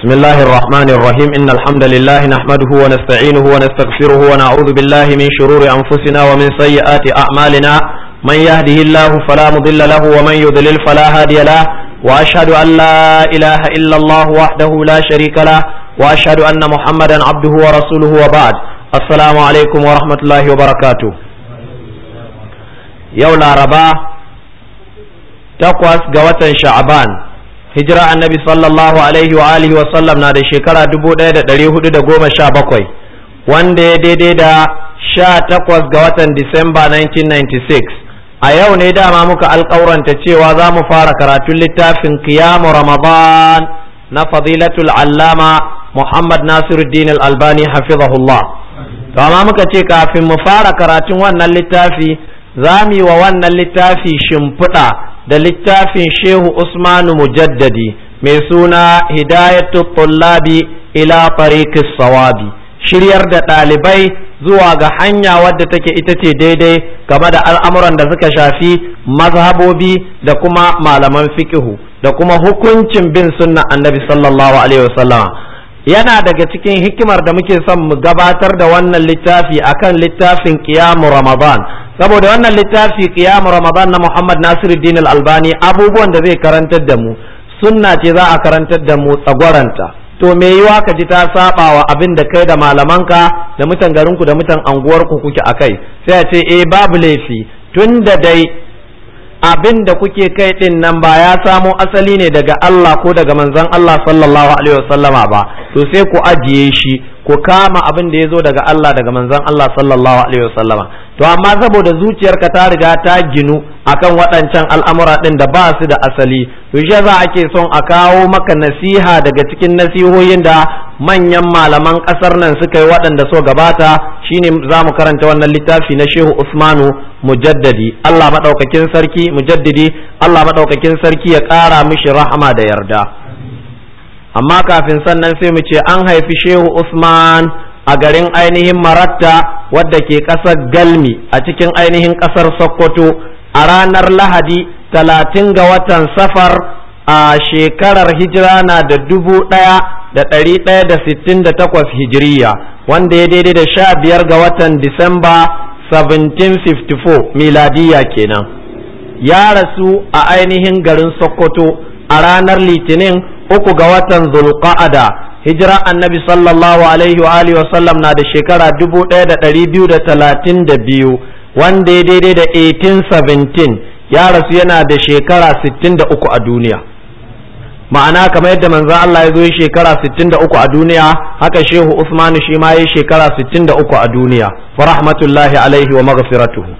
بسم الله الرحمن الرحيم إن الحمد لله نحمده ونستعينه ونستغفره ونعوذ بالله من شرور أنفسنا ومن سيئات أعمالنا من يهده الله فلا مضل له ومن يضلل فلا هادي له وأشهد أن لا إله إلا الله وحده لا شريك له وأشهد أن محمدا عبده ورسوله وبعد السلام عليكم ورحمة الله وبركاته يولا رباه takwas ga watan sha'aban hijira annabi sallallahu alaihi wa alihi wa sallam na da shekara 1417 wanda ya daidai da 18 ga watan Disamba 1996 a yau ne dama muka alkauranta cewa za mu fara karatun littafin kiyamu ramadan na fadilatul allama muhammad nasiruddin albani hafizahullah to amma muka ce kafin mu fara karatun wannan littafi za mu yi wa wannan littafi shimfiɗa da littafin shehu usmanu mujaddadi mai suna hidayatu tullabi ila tariqis sawabi shiryar da ɗalibai zuwa ga hanya wadda take ita ce daidai game da al'amuran da suka shafi mazhabobi da kuma malaman fikihu da kuma hukuncin bin sunna annabi sallallahu alaihi wasallama yana daga cikin hikimar da muke son mu gabatar da wannan littafi akan littafin qiyamu ramadan saboda wannan littafi qiyam ramadan na Muhammad Nasiruddin Al-Albani abubuwan da zai karantar da mu sunna ce za a karantar da mu tsagwaranta to me yiwa ka ji ta saba wa abin da kai da malamanka da mutan garinku da mutan anguwarku kuke akai sai a ce eh babu laifi tunda dai abin da kuke kai din nan ba ya samo asali ne daga Allah ko daga manzon Allah sallallahu alaihi wasallama ba to sai ku ajiye shi ku kama abin da ya zo daga Allah daga manzon Allah sallallahu alaihi wasallama to amma saboda zuciyarka ta riga ta ginu akan waɗancan al'amura ɗin da ba su da asali to shi za ake son a kawo maka nasiha daga cikin nasihohin da manyan malaman ƙasar nan suka yi waɗanda so gabata shine za mu karanta wannan littafi na Shehu Usmanu Mujaddadi Allah maɗaukakin sarki Mujaddidi Allah maɗaukakin sarki ya ƙara mishi rahama da yarda amma kafin sannan sai mu ce an haifi shehu usman a garin ainihin maratta wadda ke ƙasar galmi a cikin ainihin ƙasar sokoto a ranar lahadi talatin ga watan safar a shekarar hijira na da dubu ɗaya da ɗari ɗaya da sittin da takwas hijiriya wanda ya daidai da sha biyar ga watan disamba 1754 miladiya kenan ya rasu a ainihin garin sokoto a ranar litinin uku ga watan zulqa'ada hijira annabi sallallahu alaihi wa alihi wasallam na da shekara 1232 wanda ya daidai da 1817 ya rasu yana da shekara 63 a duniya ma'ana kamar yadda manzon Allah ya zo ya shekara 63 a duniya haka shehu Usman shi ma ya shekara 63 a duniya wa rahmatullahi alaihi wa maghfiratuhu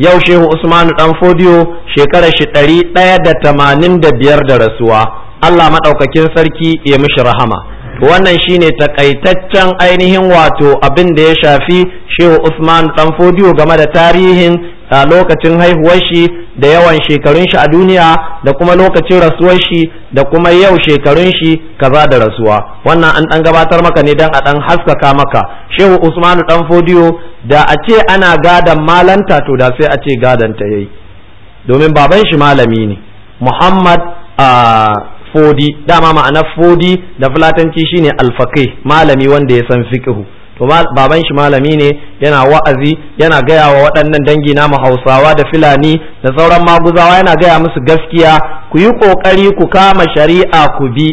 yau shehu usmanu dan fodiyo shekarar shi ɗari ɗaya da tamanin da biyar da rasuwa allah maɗaukakin sarki ya mishi rahama wannan shine takaitaccen ainihin wato abin da ya shafi shehu usman dan fodiyo game da tarihin a lokacin haihuwar shi da yawan shekarun shi a duniya da kuma lokacin rasuwar shi da kuma yau shekarun shi kaza da rasuwa wannan an dan gabatar maka ne dan a dan haskaka maka shehu usmanu dan fodiyo da a ce ana gadan malanta to da sai a ce gadan ta yayi domin baban shi malami ne muhammad a fodi dama ma'ana fodi da fulatanci shine alfaqih malami wanda ya san fiqhu to baban shi malami ne yana wa'azi yana gaya wa waɗannan dangi namu hausawa da filani da sauran maguzawa yana gaya musu gaskiya ku yi ƙoƙari ku kama shari'a ku bi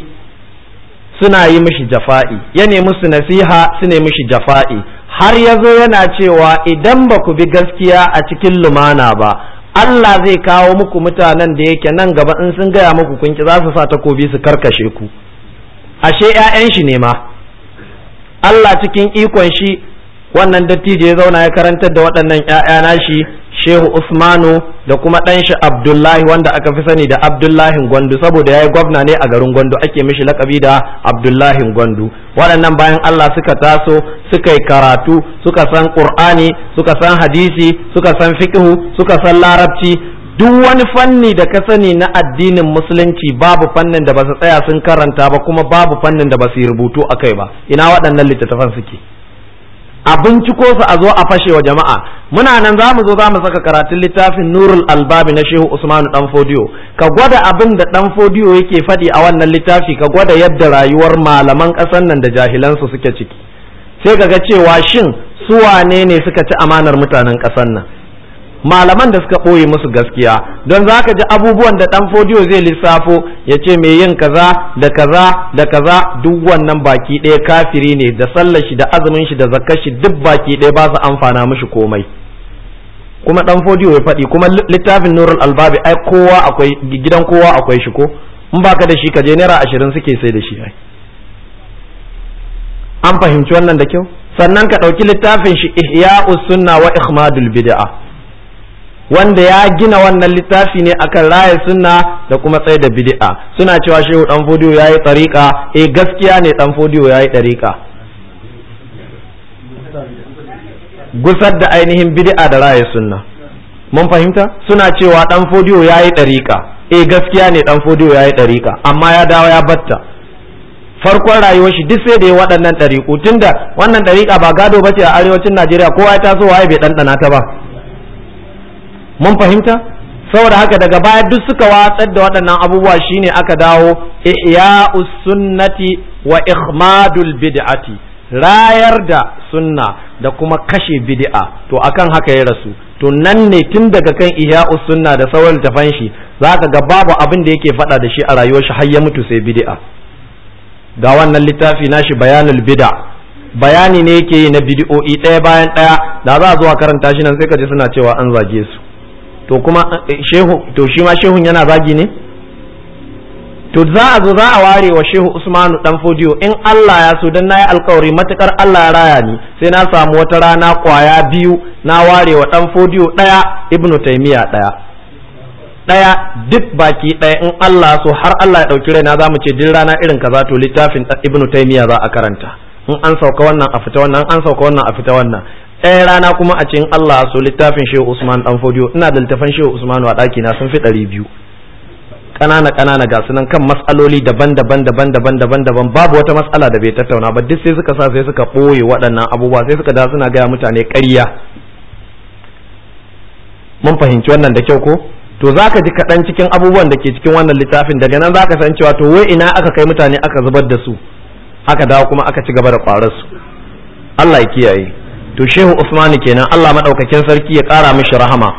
suna yi mishi jafa'i ya nemi su nasiha su nemi mishi jafa'i har ya zo yana cewa idan ba ku bi gaskiya a cikin lumana ba Allah zai kawo muku mutanen da yake nan gaba in sun gaya muku kunki za su sa takobi su karkashe ku ashe 'ya'yan shi ne ma Allah cikin ikon shi wannan dattijo ya zauna ya karantar da waɗannan ‘ya'ya shi shehu usmanu da kuma ɗan shi abdullahi wanda aka fi sani da abdullahi gwandu saboda ya yi gwamna ne a garin gwandu ake mishi lakabi da abdullahi gwandu waɗannan bayan allah suka taso suka yi karatu suka san ƙur'ani suka san hadisi suka san fiƙihu suka san larabci duk wani fanni da ka sani na addinin musulunci babu fannin da ba su tsaya sun karanta ba kuma babu fannin da ba su yi rubutu a kai ba ina waɗannan littattafan suke a binciko su a zo a fashe wa jama'a muna nan za mu zo za mu saka karatun littafin nurul albabi na shehu usmanu dan fodiyo ka gwada abin da dan fodiyo yake faɗi a wannan littafi ka gwada yadda rayuwar malaman ƙasar nan da jahilansu suke ciki sai ka ga cewa shin su wane ne suka ci amanar mutanen ƙasar nan malaman da suka ɓoye musu gaskiya don za ka ji abubuwan da ɗan fodiyo zai lissafo ya ce mai yin kaza da kaza da kaza duk wannan baki ɗaya kafiri ne da sallar shi da azumin shi da zakkar shi duk baki ɗaya ba su amfana mishi komai kuma ɗan fodiyo ya faɗi kuma littafin nurul albabi ai kowa akwai gidan kowa akwai shi ko in baka da shi ka je naira ashirin suke sai da shi ai an fahimci wannan da kyau sannan ka ɗauki littafin shi ihya'us sunna wa ihmadul bid'a wanda ya gina wannan littafi ne akan raya sunna da kuma tsaye da bid'a suna cewa shehu dan fodiyo yayi tariqa eh gaskiya ne dan fodiyo yayi tariqa gusar da ainihin bid'a da raya sunna mun fahimta suna cewa dan fodiyo yayi tariqa eh gaskiya ne dan fodiyo yayi tariqa amma ya dawo ya batta farkon rayuwar shi duk sai da ya waɗannan ɗariƙu tunda wannan ɗariƙa ba gado ba ce a arewacin najeriya kowa ya taso waye bai ɗanɗana ta ba mun fahimta saboda haka daga baya duk suka watsar da waɗannan abubuwa shine aka dawo ihya'us sunnati wa ikhmadul bid'ati rayar da sunna da kuma kashe bid'a to akan haka ya rasu to nan ne tun daga kan ihya'us sunna da sauran tafan shi zaka ga babu abin da yake faɗa da shi a rayuwar shi har ya mutu sai bid'a ga wannan littafi nashi bayanul bid'a bayani ne yake yi na bid'o'i ɗaya bayan ɗaya da za a zuwa karanta shi nan sai ka ji suna cewa an zage su to kuma eh, shehu to shi ma shehun yana zagi ne to za a zo za a ware wa shehu usmanu dan fodiyo in Allah ya so dan yi alkawari matukar Allah ya raya ni sai na samu wata rana kwaya biyu na ware wa dan fodiyo daya ibnu taymiya daya daya duk baki ɗaya in Allah so har Allah ya ɗauki raina za mu ce din rana irin kaza to littafin ibnu taymiya za a karanta in an sauka wannan a fita wannan an sauka wannan a fita wannan ɗaya rana kuma a cikin Allah so littafin Shehu Usman dan Fodiyo ina da littafin Shehu Usman a ɗaki na sun fi ɗari biyu ƙanana ƙanana ga sunan kan matsaloli daban-daban daban-daban daban-daban babu wata matsala da bai tattauna ba duk sai suka sa sai suka ɓoye waɗannan abubuwa sai suka da suna gaya mutane ƙarya mun fahimci wannan da kyau ko to zaka ji kaɗan cikin abubuwan da ke cikin wannan littafin daga nan zaka san cewa to wai ina aka kai mutane aka zubar da su aka dawo kuma aka ci gaba da ƙwararsu Allah ya kiyaye to shehu usman kenan Allah madaukakin sarki ya kara mishi rahama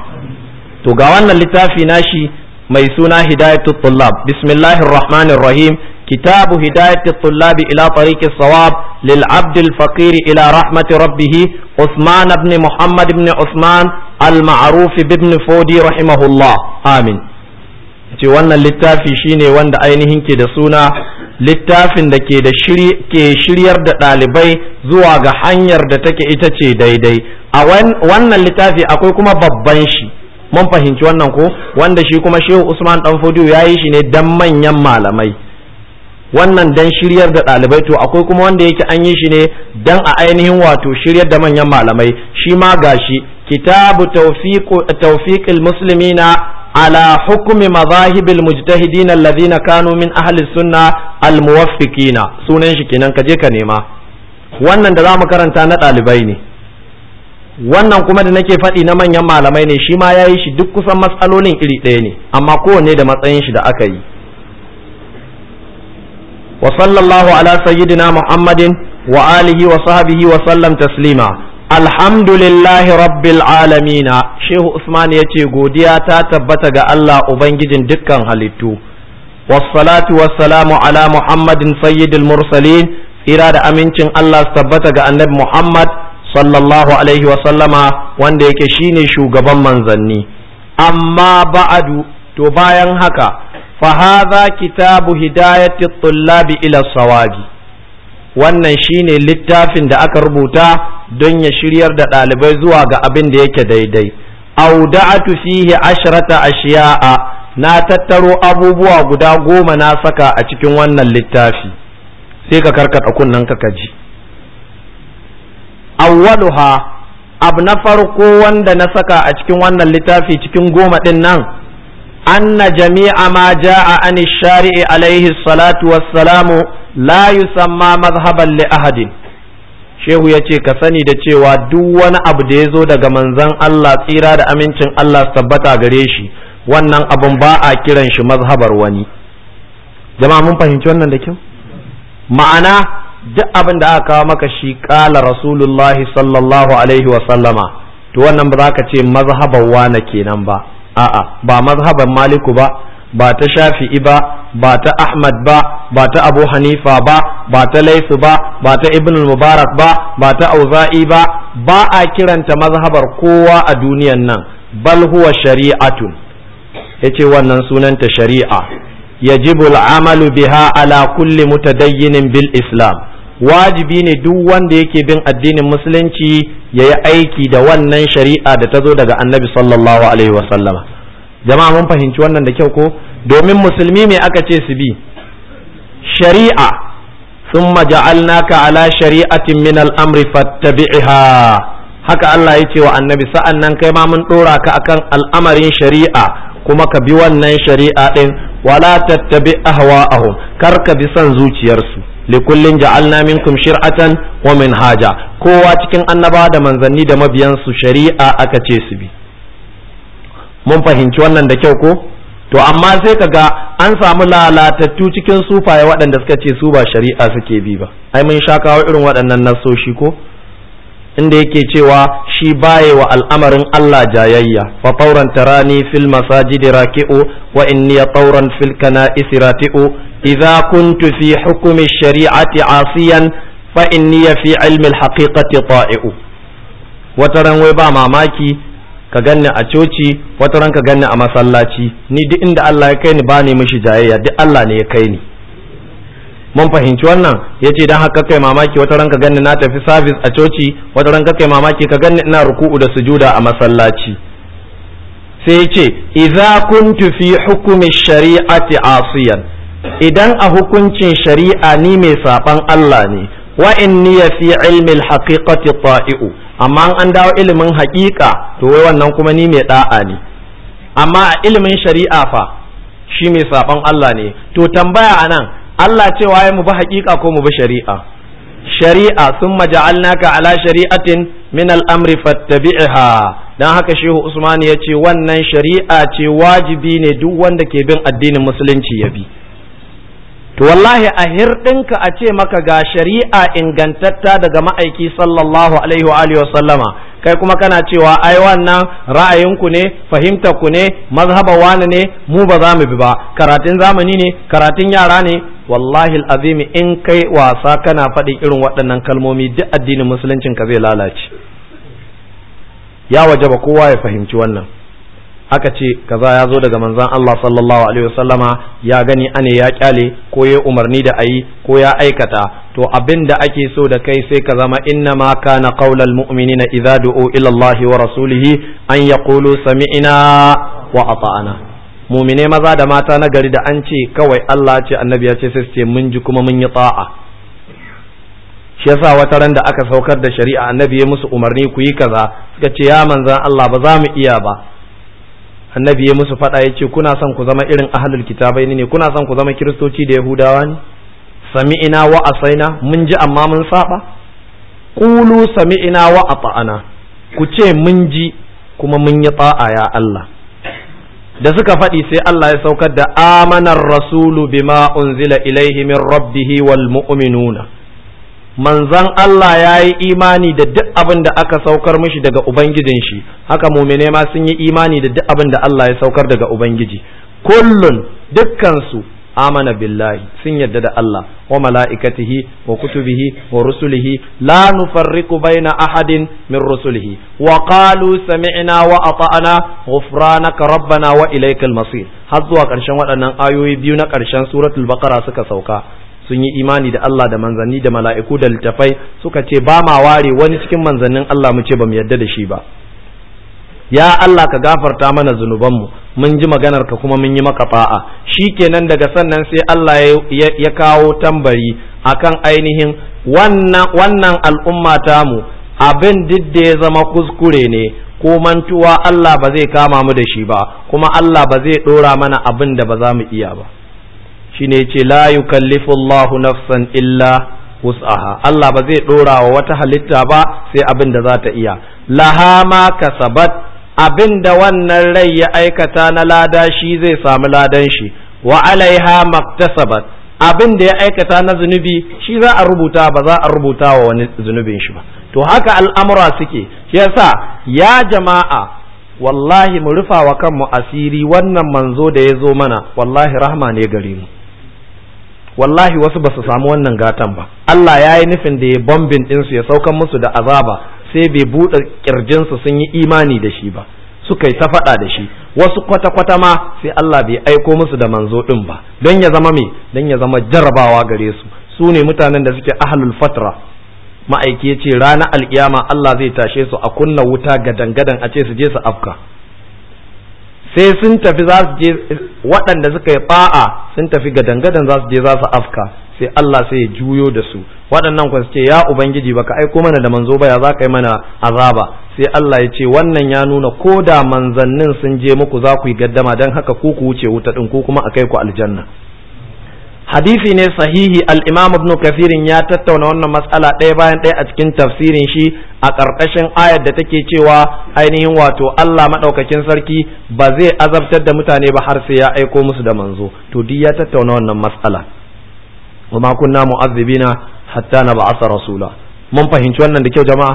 to ga wannan littafi nashi mai suna hidayatul tullab bismillahir rahmanir rahim كتاب هداية الطلاب إلى طريق ila للعبد الفقير إلى رحمة muhammad usman بن محمد بن عثمان المعروف بابن فودي ce wannan littafi shine wanda ainihin ke da suna littafin da ke da shiryar da ɗalibai zuwa ga hanyar da take ita ce daidai a wannan littafi akwai kuma babban shi mun fahimci wannan ko wanda shi kuma shehu usman dan fodiyo ya yi shi ne dan manyan malamai wannan dan shiryar da ɗalibai to akwai kuma wanda yake an yi shi ne dan a ainihin wato shiryar da manyan malamai shi ma gashi kitabu tawfiqil muslimina ala hukumi mazahibil المجتهدين الذين كانوا min ahli sunna الموفقين sunan shi kenan kaje ka nema wannan da za mu karanta na ɗalibai ne wannan kuma da nake faɗi na manyan malamai ne shi ma ya yi shi duk kusan matsalolin iri ɗaya ne amma kowanne da matsayin shi da aka yi wa sallallahu ala sayyidina muhammadin wa alihi wa sahbihi wa sallam taslima alhamdulillahi rabbil alamina shehu usman ya ce godiya ta tabbata ga allah ubangijin dukkan halittu wassalatu wassalamu ala muhammadin sayyidil mursalin tsira da amincin allah tabbata ga annabi muhammad sallallahu alaihi wasallama wanda yake shine shugaban manzanni amma ba'adu to bayan haka fa kitabu hidayati tullabi ila sawabi wannan shine littafin da aka rubuta don ya shiryar da ɗalibai zuwa ga abin da yake daidai auda'atu ashirata ashrata ashiya'a na tattaro abubuwa guda goma na saka a cikin wannan littafi sai ka karkata kunnen ka kaji awwaluha abu na farko wanda na saka a cikin wannan littafi cikin goma din nan anna jami'a ma ja'a Ani shari'i alaihi salatu wassalamu la yusamma madhhaban li ahadin shehu ya ce ka sani da cewa duk wani abu da ya zo daga manzan Allah tsira da amincin Allah tabbata gare shi wannan abun ba a kiran shi mazhabar wani jama'a mun fahimci wannan da kyau ma'ana duk abin da aka kawo maka shi kala rasulullahi sallallahu alaihi wa sallama to wannan ba za ka ce mazhabar wana kenan ba a'a ba mazhabar maliku ba ba ta shafi'i ba ba ta ahmad ba ba ta abu hanifa ba ba ta laifu ba ba ta ibn mubarak ba ba ta auza'i ba ba a kiranta mazhabar kowa a duniyan nan bal huwa shari'atun yace wannan sunanta shari'a yajibu amalu biha ala kulli mutadayyinin bil islam wajibi ne duk wanda yake bin addinin musulunci ya yi aiki da wannan shari'a da ta zo daga annabi sallallahu alaihi wasallama jama'a mun fahimci wannan da kyau ko domin musulmi me aka ce su bi shari'a thumma ja'alnaka ala shari'atin min al-amri fattabi'ha haka Allah ya ce wa annabi sa'an nan kai ma mun dora ka akan al'amarin shari'a kuma ka bi wannan shari'a din wala tattabi ahwa'ahum kar ka bi son zuciyarsu likullin ja'alna minkum shir'atan wa minhaja kowa cikin annabawa da manzanni da mabiyansu shari'a aka ce su bi mun fahimci wannan da kyau ko to amma sai ka ga an samu lalatattu cikin sufaye waɗanda suka ce su ba shari'a suke bi ba ai mun sha kawo irin waɗannan nasoshi ko inda yake cewa shi baye wa al'amarin Allah jayayya fa tauran tarani fil masajid raki'u wa inni tauran fil kana'is rati'u idza kuntu fi hukmi shari'ati asiyan fa inni fi ilmi al-haqiqati ta'i'u wataran wai ba mamaki ka ganni a coci wata ran ka ganni a masallaci ni duk inda Allah ya kai ni ba ne mishi jayayya duk Allah ne ya kai ni mun fahimci wannan ya ce haka kai mamaki wata ranka ganni na tafi sabis a coci wata ranka kai mamaki ka ganni ina ruku'u da sujuda a masallaci sai yace ce idza kuntu fi hukumi shari'ati asiyan idan a hukuncin shari'a ni mai saban Allah ne wa inni fi ilmi al-haqiqati ta'i'u amma an dawo ilimin haƙiƙa to wai wannan kuma ni mai da'a ne amma a ilimin shari'a fa shi mai saban Allah ne to tambaya a nan Allah cewa ya mu bi haƙiƙa ko mu bi shari'a shari'a summa ja'alnaka ala shari'atin min al-amri fattabi'ha don haka shehu usmani ya ce wannan shari'a ce wajibi ne duk wanda ke bin addinin musulunci ya bi to wallahi a hirɗinka a ce maka ga shari'a ingantatta daga ma'aiki sallallahu alaihi wa alihi sallama kai kuma kana cewa ai wannan ra'ayinku ne fahimta ku ne mazhaba wani ne mu ba za mu bi ba karatun zamani ne karatun yara ne wallahi azimi in kai wasa kana faɗin irin waɗannan kalmomi duk addinin musuluncin ka zai lalace ya wajaba kowa ya fahimci wannan aka ce kaza ya zo daga manzon Allah sallallahu alaihi wasallama ya gani ane ya kyale ko ya umarni da ayi ko ya aikata to abin da ake so da kai sai ka zama inna ma kana qaulal mu'minina idza du'u ila Allah wa rasulihi an yaqulu sami'na wa ata'na mu'mine maza da mata na gari da an ce kawai Allah ce annabi ya ce sai su ce mun ji kuma mun yi ta'a shi yasa wata ran da aka saukar da shari'a annabi ya musu umarni ku yi kaza suka ce ya manzan Allah ba za mu iya ba annabi ya musu faɗa ya ce kuna son ku zama irin ahalul kitabai ne kuna son ku zama kiristoci da yahudawa ne sami'ina wa asaina mun ji amma mun saba qulu sami'ina wa ata'ana ku ce mun ji kuma mun yi ta'a ya Allah da suka faɗi sai Allah ya saukar da amanar rasulu bima unzila ilaihi min rabbihi wal mu'minuna manzan Allah ya yi imani da duk abin da aka saukar mishi daga ubangijin shi haka mumine ma sun yi imani da duk abin da Allah ya saukar daga ubangiji kullun dukkansu amana billahi sun yadda da Allah wa mala'ikatihi wa kutubihi wa rusulihi la nufarriqu baina ahadin min rusulihi wa qalu sami'na wa ata'na ghufranaka rabbana wa ilaykal masir har zuwa ƙarshen waɗannan ayoyi biyu na ƙarshen suratul baqara suka sauka sun yi imani da Allah da manzanni da mala'iku da littafai suka ce ba ma ware wani cikin manzannin Allah mu ce ba mu yarda da shi ba ya Allah ka gafarta mana zunubanmu mun ji maganar ka kuma mun yi maka fa'a shikenan daga sannan sai Allah ya kawo tambari akan ainihin wannan wannan al'umma tamu abin didde ya zama kuskure ne ko mantuwa Allah ba zai kama mu da shi ba kuma Allah ba zai ɗora mana abin da ba za mu iya ba shine ce la yukallifu Allahu nafsan illa wus'aha Allah ba zai dora wa wata halitta ba sai abin da za ta iya laha ma kasabat abin da wannan rai ya aikata na lada shi zai samu ladan shi wa alaiha maktasabat abin da ya aikata na zunubi shi za a rubuta ba za a rubuta wa wani zunubin shi ba to haka al'amura suke shi yasa ya jama'a wallahi mu rufa wa kanmu asiri wannan manzo da ya zo mana wallahi rahma ne gare mu wallahi wasu ba su samu wannan gatan ba Allah ya yi nufin da ya bombin ɗinsu ya saukan musu da azaba sai bai buɗe ƙirjinsu sun yi imani da shi ba suka yi ta faɗa da shi wasu kwata-kwata ma sai Allah bai aiko musu da manzo ɗin ba don ya zama me don ya zama jarabawa gare su su ne mutanen da suke ahlul fatra ma'aiki ya ce ranar alkiyama Allah zai tashe su a kunna wuta gadan-gadan a ce su je su afka sai sun tafi za su je waɗanda suka yi ba'a sun tafi gadan za su je za su afka sai Allah sai ya juyo da su waɗannan kuma su ce ya ubangiji baka aiko mana da manzo baya za ka yi mana azaba sai Allah ya ce wannan ya nuna ko da manzannin sun je muku za ku yi gaddama don haka ku ku wuce wuta ɗin ko kuma a kai ku aljanna hadisi ne sahihi al-imam ibn kathir ya tattauna wannan masala ɗaya bayan ɗaya a cikin tafsirin shi a ƙarƙashin ayar da take cewa ainihin wato Allah maɗaukakin sarki ba zai azabtar da mutane ba har sai ya aiko musu da manzo to duk ya tattauna wannan matsala kuma kunna mu'azzibina hatta na ba'asa rasula mun fahimci wannan da kyau jama'a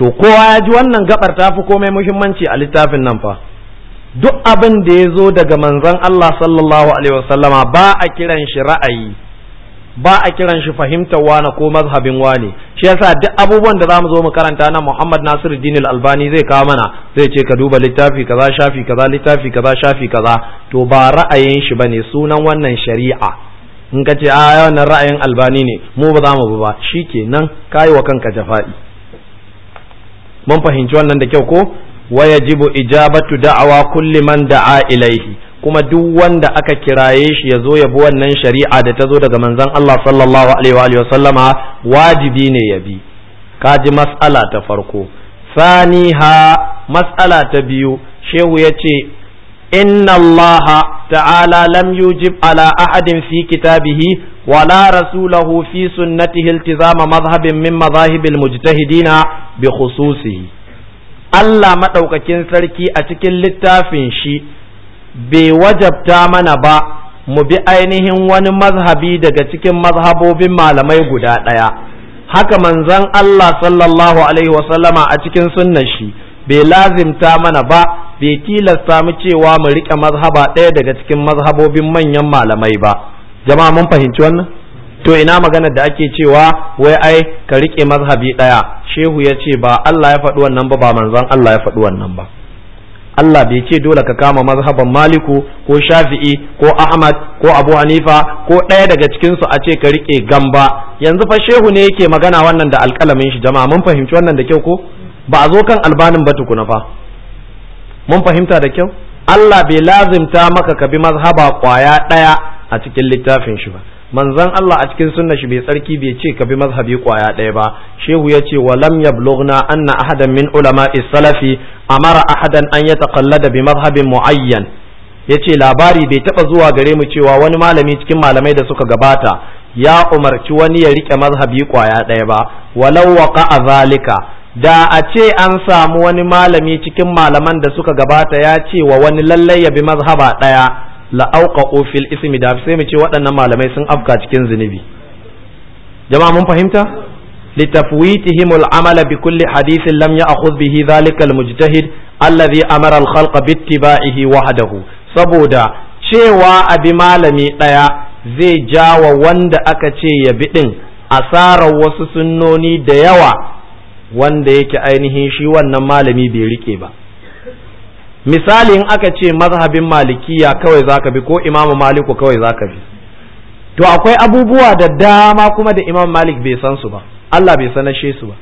to kowa ya ji wannan gabar ta fi komai muhimmanci a littafin nan fa duk abin da ya zo daga manzon Allah sallallahu alaihi wasallama ba a kiran shi ra'ayi ba a kiran shi fahimtar wane ko mazhabin wane shi yasa duk abubuwan da za mu zo mu karanta na Muhammad nasiru Al-Albani zai kawo mana zai ce ka duba littafi kaza shafi kaza littafi kaza shafi kaza to ba ra'ayin shi bane sunan wannan shari'a in ka ce a wannan ra'ayin Albani ne mu ba za mu ba shikenan kai wa kanka jafa'i mun fahimci wannan da kyau ko wa yajibu ijabatu da'awa kulli man da'a kuma duk wanda aka kiraye shi ya zo ya bi wannan shari'a da ta zo daga manzon Allah sallallahu alaihi wa sallama wajibi ne ya bi kaji mas'ala ta farko saniha mas'ala ta biyu shehu ya ce inna Allaha, ta'ala lam yujib ala ahadin fi kitabihi wala rasulahu fi sunnatihi iltizama madhhabin min madhahibil mujtahidina bi khususihi Allah maɗaukakin sarki a cikin littafin shi bai wajabta mana ba mu bi ainihin wani mazhabi daga cikin mazhabobin malamai guda ɗaya haka manzon Allah sallallahu alaihi wasallama a cikin sunnan shi bai lazimta mana ba bai tilasta mu cewa mu riƙe mazhaba ɗaya daga cikin mazhabobin manyan malamai ba jama'a mun fahimci wannan to ina maganar da ake cewa wai ai ka rike mazhabi ɗaya. shehu ya ce ba Allah ya faɗi wannan ba ba manzon Allah ya faɗi wannan ba Allah bai ce dole ka kama mazhaban Maliku ko Shafi'i ko Ahmad ko Abu Hanifa ko ɗaya daga cikin su a ce ka rike gamba yanzu fa shehu ne yake magana wannan da alƙalamin shi jama'a mun fahimci wannan da kyau ko ba a zo kan albanin ba tukuna fa mun fahimta da kyau Allah bai lazimta maka ka bi mazhaba ƙwaya ɗaya a cikin littafin shi ba manzon Allah a cikin sunna shi bai tsarki bai ce ka bi mazhabi kwaya ɗaya ba shehu ya ce walam bulogna anna ahadan min ulama salafi amara ahadan an yataqallada bi mazhabin muayyan ce labari bai taɓa zuwa gare mu cewa wani malami cikin malamai da suka gabata ya umarci wani ya rike mazhabi kwaya ɗaya ba walau waqa'a zalika da a ce an samu wani malami cikin malaman da suka gabata ya ce wa wani lallai ya bi mazhaba ɗaya la'auka ofil ismi da sai mu ce waɗannan malamai sun afka cikin zunubi jama'a mun fahimta litafwitihim al'amala bi kulli hadithin lam ya'khudh bihi zalikal al-mujtahid alladhi amara al-khalqa bi ittiba'ihi wahdahu saboda cewa abi malami daya zai jawa wanda aka ce ya bi ɗin asarar wasu sunnoni da yawa wanda yake ainihin shi wannan malami bai rike ba misali in aka ce mazhabin malikiya kawai zaka bi ko imamu maliku kawai zaka bi to akwai abubuwa da dama kuma da imam malik bai san su ba Allah bai sanashe su ba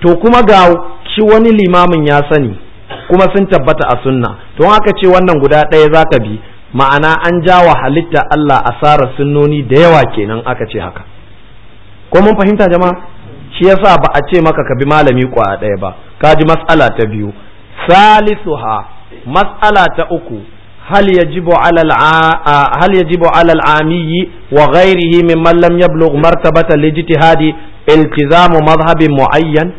to kuma ga shi wani limamin ya sani kuma sun tabbata a sunna to aka ce wannan guda ɗaya zaka bi ma'ana an ja wa halitta Allah asarar sunnoni da yawa kenan aka ce haka ko mun fahimta jama'a shi yasa ba a ce maka ka bi malami kwa ɗaya ba ka ji matsala ta biyu salisuha matsala ta uku hal yajibu ala amiyi wa ghairihi mimman lam yablugh martabata lijtihadi iltizamu madhhabin muayyan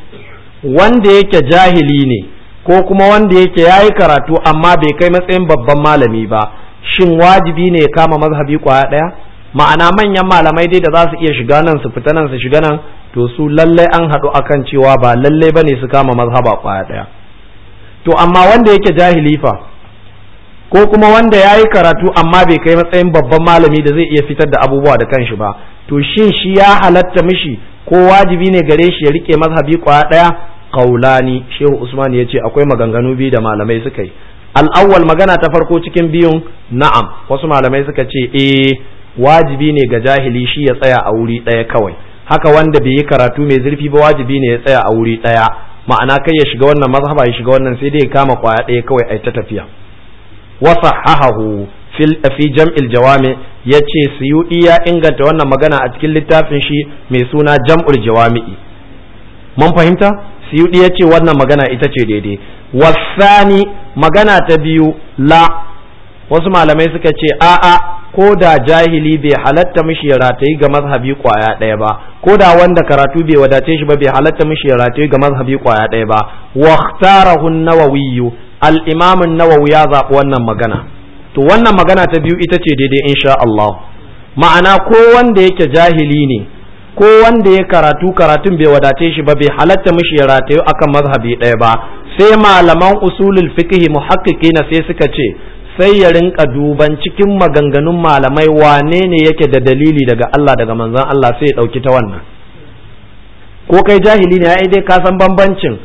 wanda yake jahili ne ko kuma wanda yake yayi karatu amma bai kai matsayin babban malami ba shin wajibi ne kama mazhabi kwaya ɗaya ma'ana manyan malamai dai da za su iya shiga nan su fita nan su shiga nan to su lallai an haɗu akan cewa ba lallai bane su kama mazhaba kwaya ɗaya. to amma wanda yake jahili fa ko kuma wanda ya yi karatu amma bai kai matsayin babban malami da zai iya fitar da abubuwa da kanshi ba to shin shi ya halatta mishi ko wajibi ne gare shi ya rike mazhabi kwaya daya kaulani shehu usman ya ce akwai maganganu biyu da malamai suka yi al'awwal magana ta farko cikin biyun na'am wasu malamai suka ce eh wajibi ne ga jahili shi ya tsaya a wuri daya kawai haka wanda bai yi karatu mai zurfi ba wajibi ne ya tsaya a wuri daya. ma'ana kai ya shiga wannan mazhaba ya shiga wannan sai dai ya kama kwaya ɗaya kawai ai ta tafiya wa fil fi jam'il jawami ya suyudi ya inganta wannan magana a cikin littafin shi mai suna jam'ul jawami'i mun fahimta suyudi ya wannan magana ita ce daidai wasani magana ta biyu la wasu malamai suka ce a'a ko da jahili bai halatta mishi ya ratayi ga mazhabi kwaya ɗaya ba ko da wanda karatu bai wadace shi ba bai halatta mishi ya ratayi ga mazhabi kwaya ɗaya ba wa ikhtarahu an-nawawi al-imam nawawi ya zabi wannan magana to wannan magana ta biyu ita ce daidai insha Allah ma'ana ko wanda yake jahili ne ko wanda ya karatu karatun bai wadace shi ba bai halatta mishi ya ratayu akan mazhabi ɗaya ba sai malaman usulul fiqh muhaqqiqina sai suka ce sai ya rinka duban cikin maganganun malamai wane ne yake da dalili daga Allah daga manzan Allah sai ya ɗauki ta wannan ko kai jahili ne ai dai ka san bambancin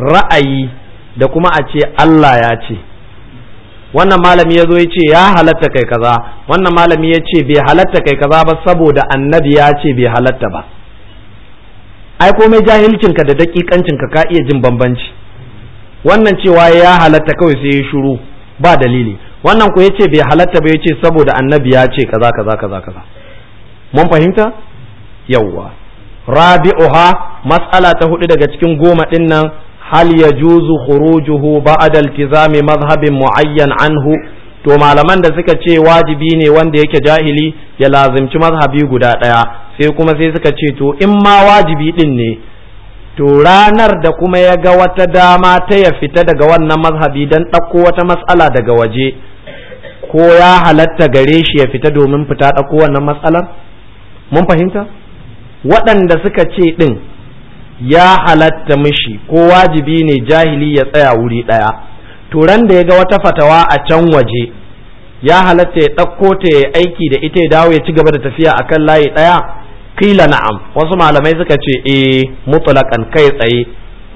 ra'ayi da kuma a ce Allah ya ce wannan malami ya zo ya ce ya halatta kai kaza wannan malami ya ce bai halatta kai kaza ba saboda annabi ya ce bai halatta ba ai komai jahilcinka da dakikancinka ka iya jin bambanci wannan cewa ya halatta kawai sai ya shuru ba dalili wannan ku yace bai halatta ba yace saboda annabi ya ce kaza kaza kaza kaza mun fahimta yawwa rabi'uha mas'ala ta hudu daga cikin goma din nan hal yajuzu khurujuhu ba'da iltizami madhhabin mu'ayyan anhu to malaman da suka ce wajibi ne wanda yake jahili ya lazimci mazhabi guda ɗaya sai kuma sai suka ce to in ma wajibi ɗin ne to ranar da kuma ya ga wata dama ta ya fita daga wannan mazhabi don ɗauko wata matsala daga waje ko ya halatta gare shi ya fita domin fita da wannan matsalar mun fahimta waɗanda suka ce ɗin ya halatta mishi ko wajibi ne jahili ya tsaya wuri ɗaya turan da ya ga wata fatawa a can waje ya halatta ya ɗauko ta ya aiki da ita ya dawo ya ci gaba da tafiya a kan layi ɗaya kila na'am wasu malamai suka ce eh mutlaqan kai tsaye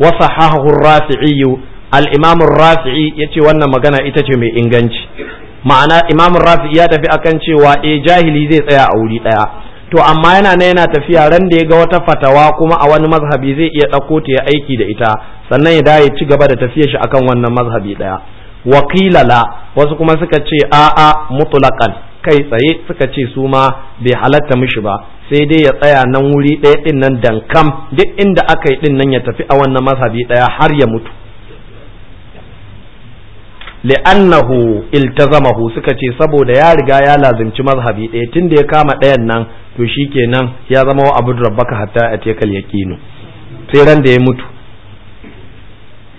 wa sahahu rafi'i al-imam rafi'i yace wannan magana ita ce mai inganci ma'ana imamun rafi ya tafi akan cewa eh jahili zai tsaya a wuri daya to amma yana na yana tafiya ran da ya ga wata fatawa kuma a wani mazhabi zai iya dauko ta ya aiki da ita sannan ya dai ci gaba da tafiyar shi akan wannan mazhabi ɗaya wakilala wasu kuma suka ce a'a mutlaqan kai tsaye suka ce su ma bai halatta mishi ba sai dai ya tsaya nan wuri daya-din nan dankam duk inda aka yi din nan ya tafi a wannan mazhabi daya har ya mutu li'annahu iltazamahu suka ce saboda ya riga ya lazimci mazhabi ɗaya tun da ya kama ɗayan nan to shi kenan ya zama wa abu rabbaka hatta a tekal kino sai ran da ya mutu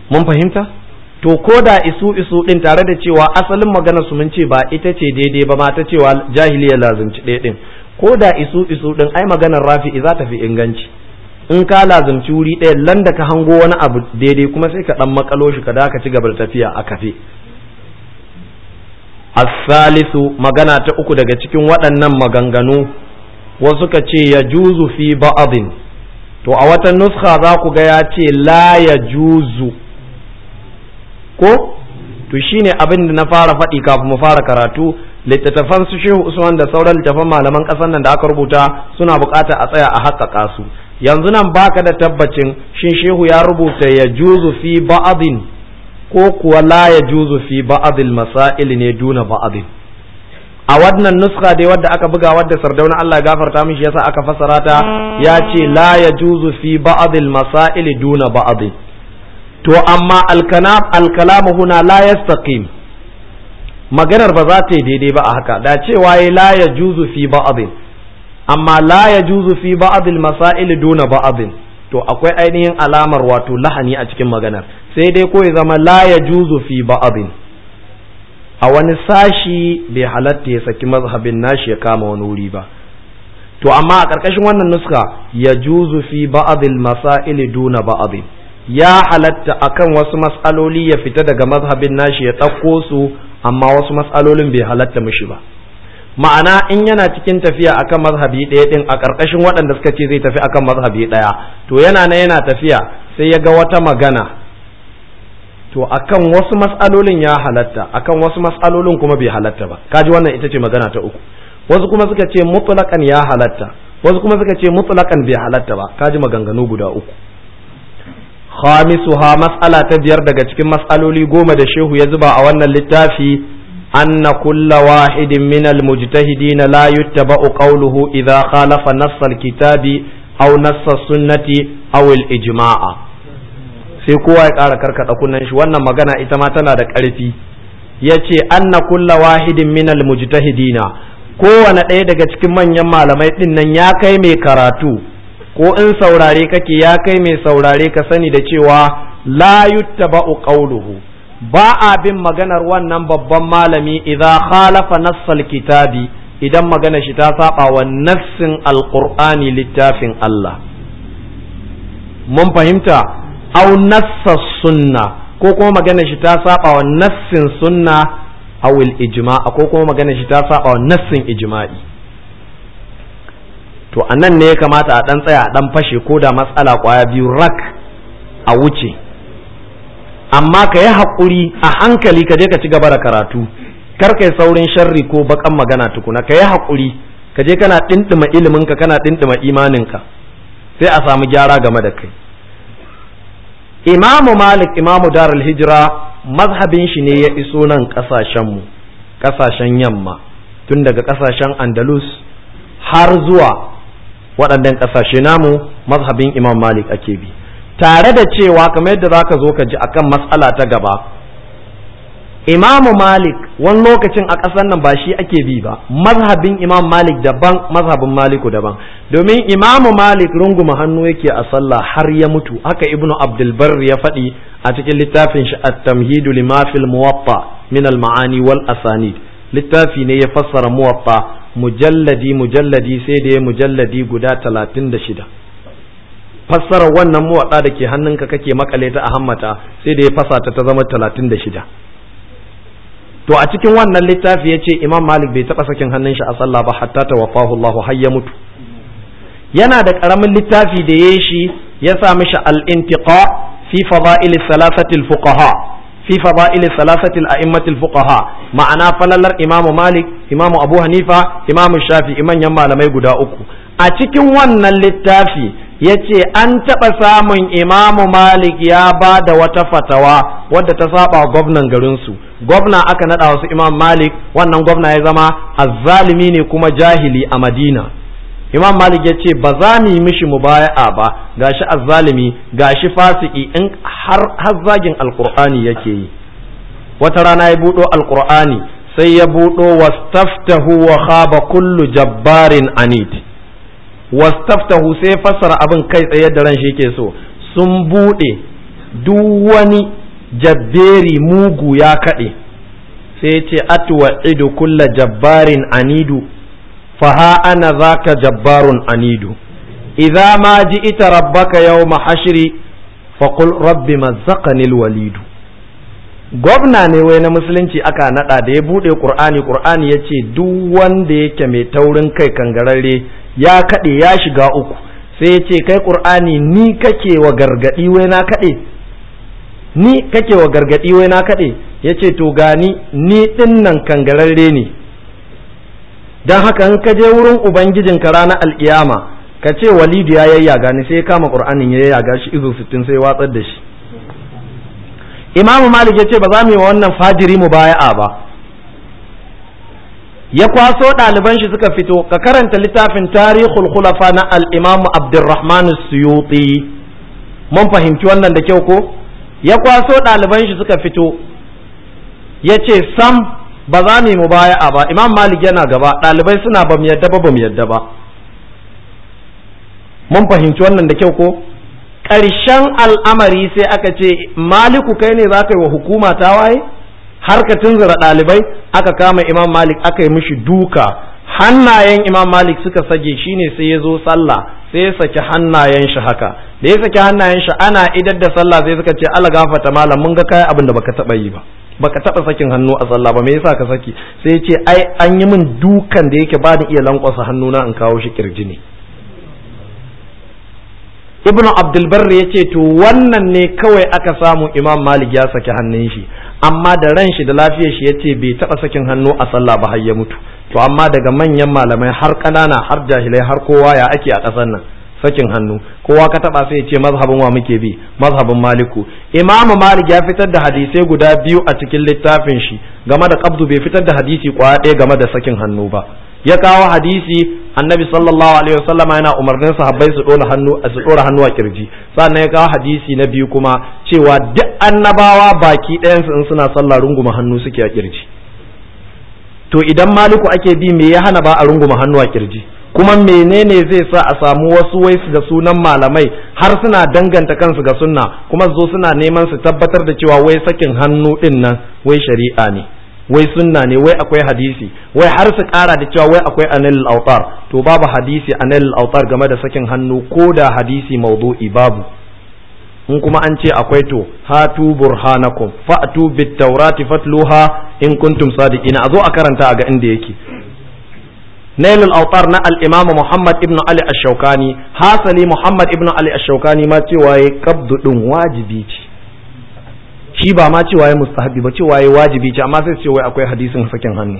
mun fahimta to ko da isu isu din tare da cewa asalin magana su mun ce ba ita ce daidai ba ma ta cewa ya lazimci ɗaya din ko da isu isu din ai maganar rafi za ta fi inganci in ka lazumci wuri ɗaya landa ka hango wani abu daidai kuma sai ka ɗan makalo shi ka da ka ci gaba da tafiya a kafe A salisu magana ta uku daga cikin waɗannan maganganu wasu ka ce ya juzu fi ba'adin to a wata nuskha za ku ga ya ce la ya juzu ko to ne abin da na fara faɗi kafin mu fara karatu littattafan su shehu usman da sauran littattafan malaman ƙasar nan da aka rubuta suna bukata a tsaya a haƙƙaƙa su yanzu nan baka da tabbacin shin shehu ya rubuta ya juzu fi ba'adin ko kuwa la ya juzu fi ba'adil masail ne duna ba'adil a wannan nuska dai wadda aka buga wadda sardauna Allah ya gafarta mishi yasa aka fassara ta ya ce la ya juzu fi ba'adil masail duna ba'adil to amma al alkalamu huna la yastaqim maganar ba za ta yi daidai ba a haka da cewa ya la ya juzu fi ba'adil amma la ya juzu fi ba'adil masail duna ba'adil to akwai ainihin alamar wato lahani a cikin maganar sai dai ko ya zama la ya juzu fi ba'adin a wani sashi bai halatta ya saki mazhabin nashi ya kama wani wuri ba to amma a ƙarƙashin wannan nuska ya juzu fi ba'adil masa'ili duna ba'adin ya halatta akan wasu mas'aloli ya fita daga mazhabin nashi ya ɗauko su amma wasu mas'alolin bai halatta mishi ba ma'ana in yana cikin tafiya akan mazhabi ɗaya ɗin a ƙarƙashin waɗanda suka ce zai tafi akan mazhabi ɗaya to yana na yana tafiya sai ya ga wata magana to akan wasu mas'alolin ya halatta akan wasu mas'alolin kuma bai halatta ba kaji wannan ita ce magana ta uku wasu kuma suka ce mutlaqan ya halatta wasu kuma suka ce mutlaqan bai halatta ba kaji maganganu guda uku khamisuha mas'ala ta biyar daga cikin mas'aloli goma da shehu ya zuba a wannan littafi anna kulla wahidin min almujtahidin la yuttaba'u qawluhu idha khalafa nass alkitabi aw nass sunnati aw alijma'a sai kowa ya ƙara karkaɗa kunnen shi wannan magana ita ma tana da ƙarfi ya ce anna kulla wahidin minal mujtahidina kowane ɗaya daga cikin manyan malamai ɗin nan ya kai mai karatu ko in saurare kake ya kai mai saurare ka sani da cewa la yuttaba'u qawluhu ba a bin maganar wannan babban malami idza khalafa nassal kitabi idan magana shi ta saba wa nassin alqur'ani littafin Allah mun fahimta Au nassa sunna ko kuma magana shi ta saba wa nassin sunna a wil ijma' ko kuma magana shi ta saba wa nassin ijma'i to anan ne ya kamata a ɗan tsaya a ɗan fashe ko da matsala kwaya biyu rak a wuce amma ka yi haƙuri a hankali ka je ka ci gaba da karatu kar kai saurin sharri ko bakan magana tukuna ka yi haƙuri ka je kana ɗinɗima iliminka kana ɗinɗima imaninka sai a samu gyara game da kai imamu malik imamu darul hijira mazhabin shi ne ya iso nan kasashenmu kasashen yamma tun daga kasashen andalus har zuwa waɗannan kasashe namu mazhabin imam malik ake bi tare da cewa kamar yadda za ka zo ka ji akan matsala ta gaba imamu malik wani lokacin a ƙasar nan ba shi ake bi ba mazhabin imam malik daban mazhabin maliku daban domin imamu malik runguma hannu yake a sallah har ya mutu haka ibnu abdulbar ya faɗi a cikin littafin shi at-tamhidu lima fil muwatta min al-ma'ani wal asanid littafi ne ya fassara muwatta mujalladi mujalladi sai da ya mujalladi guda talatin da shida fassara wannan muwatta da ke hannunka kake makale ta a hammata sai da ya fasa ta ta zama talatin da shida to a cikin wannan littafi ya ce imam malik bai taɓa sakin hannun shi a sallah ba hatta ta wafahu Allah har ya mutu yana da ƙaramin littafi da ya shi ya sa mishi al-intiqa fi fada'il salasatil fuqaha fi fada'il salasatil a'immatil fuqaha ma'ana falalar imam malik imam abu hanifa imam shafi manyan malamai guda uku a cikin wannan littafi ya ce an taɓa samun imamu malik ya ba da wata fatawa wadda ta saba gwamnan garinsu gwamna aka naɗa wasu imam malik wannan gwamna ya zama azzalimi ne kuma jahili a madina imam malik ya ce ba za mu yi mishi mubaya'a ba gashi azzalimi gashi fasiki in har zagin alqur'ani yake yi wata rana ya buɗo alkur'ani sai ya buɗo wastaftahu wa khaba kullu jabbarin anid wastaftahu sai fassara abin kai tsaye da ran shi ke so sun buɗe duk wani jabberi mugu ya kaɗe sai ce atwa idu kulla jabbarin anidu Fa ha ana zaka jabbarun anidu idza ma ji ita rabbaka yawma hashri qul rabbi mazzaqani alwalidu gwamna ne wai na musulunci aka nada da ya bude qur'ani qur'ani yace duk wanda yake mai taurin kai kangararre ya kaɗe ya shiga uku sai ya ce kai ƙur'ani ni kake wa gargaɗi wai na kaɗe ni kake wa gargaɗi wai na kaɗe ya ce to gani ni ɗin nan kangararre ne don haka in ka je wurin ubangijinka ranar al'iyama ka ce walidu ya yayya gani sai ya kama ƙur'anin ya yayya shi izu sittin sai watsar da shi imamu malik ya ce ba za mu yi wannan fajiri mu baya'a ba ya kwaso ɗaliban shi suka fito ka karanta littafin tarihul khulafa na al-imamu abdurrahman suyuti mun fahimci wannan da kyau ko ya kwaso ɗaliban shi suka fito ya ce sam ba za mu baya a ba imam malik yana gaba ɗalibai suna ba mu yadda ba ba mu yadda ba mun fahimci wannan da kyau ko ƙarshen al'amari sai aka ce maliku kai ne za ka yi wa hukuma ta waye har ka ɗalibai aka kama imam malik aka yi mishi duka hannayen imam malik suka sage shi ne sai ya zo sallah sai ya saki hannayen shi haka da ya saki hannayen shi ana idar da sallah sai suka ce ala gafata malam mun ga kai abin da baka taba yi ba baka taba sakin hannu a sallah ba me yasa ka saki sai ya ce ai an yi min dukan da yake ba ni iya lankwasa hannuna in kawo shi kirji ne ibn abdulbarri ya ce to wannan ne kawai aka samu imam malik ya saki hannun shi amma da ran shi da lafiyar shi ya ce bai taba sakin hannu a sallah ba har ya mutu to amma daga manyan malamai har kanana har jahilai har kowa ya ake a kasar nan sakin hannu kowa ka taba sai ya ce mazhabin wa muke bi mazhabin maliku imamu malik ya fitar da hadisai guda biyu a cikin littafin shi game da qabdu bai fitar da hadisi kwaya ɗaya game da sakin hannu ba ya kawo hadisi annabi sallallahu alaihi wasallama yana umarnin sahabbai su dora hannu su dora hannu a kirji sannan ya kawo hadisi na biyu kuma cewa duk annabawa baki ɗayan su in suna sallah runguma hannu suke a kirji to idan maliku ake bi me ya hana ba a runguma hannu a kirji kuma menene zai sa a samu wasu wai su da sunan malamai har suna danganta kansu ga sunna kuma zo suna neman su tabbatar da cewa wai sakin hannu din nan wai shari'a ne wai sunna ne wai akwai hadisi wai har su kara da cewa wai akwai anil autar to babu hadisi anil autar game da sakin hannu ko da hadisi maudu'i babu in kuma an ce akwai to hatu burhanakum fa'tu bit tawrati fatluha in kuntum sadiqin a zo a karanta a ga inda yake nail al-awtar na al'imama muhammad ibn ali ash-shawkani hasali muhammad ibn ali ash-shawkani ma cewa yayi qabdu ɗin wajibi ce shi ba ma cewa ya mustahabi ba cewa ya wajibi ce amma sai su ce wai akwai hadisin sakin hannu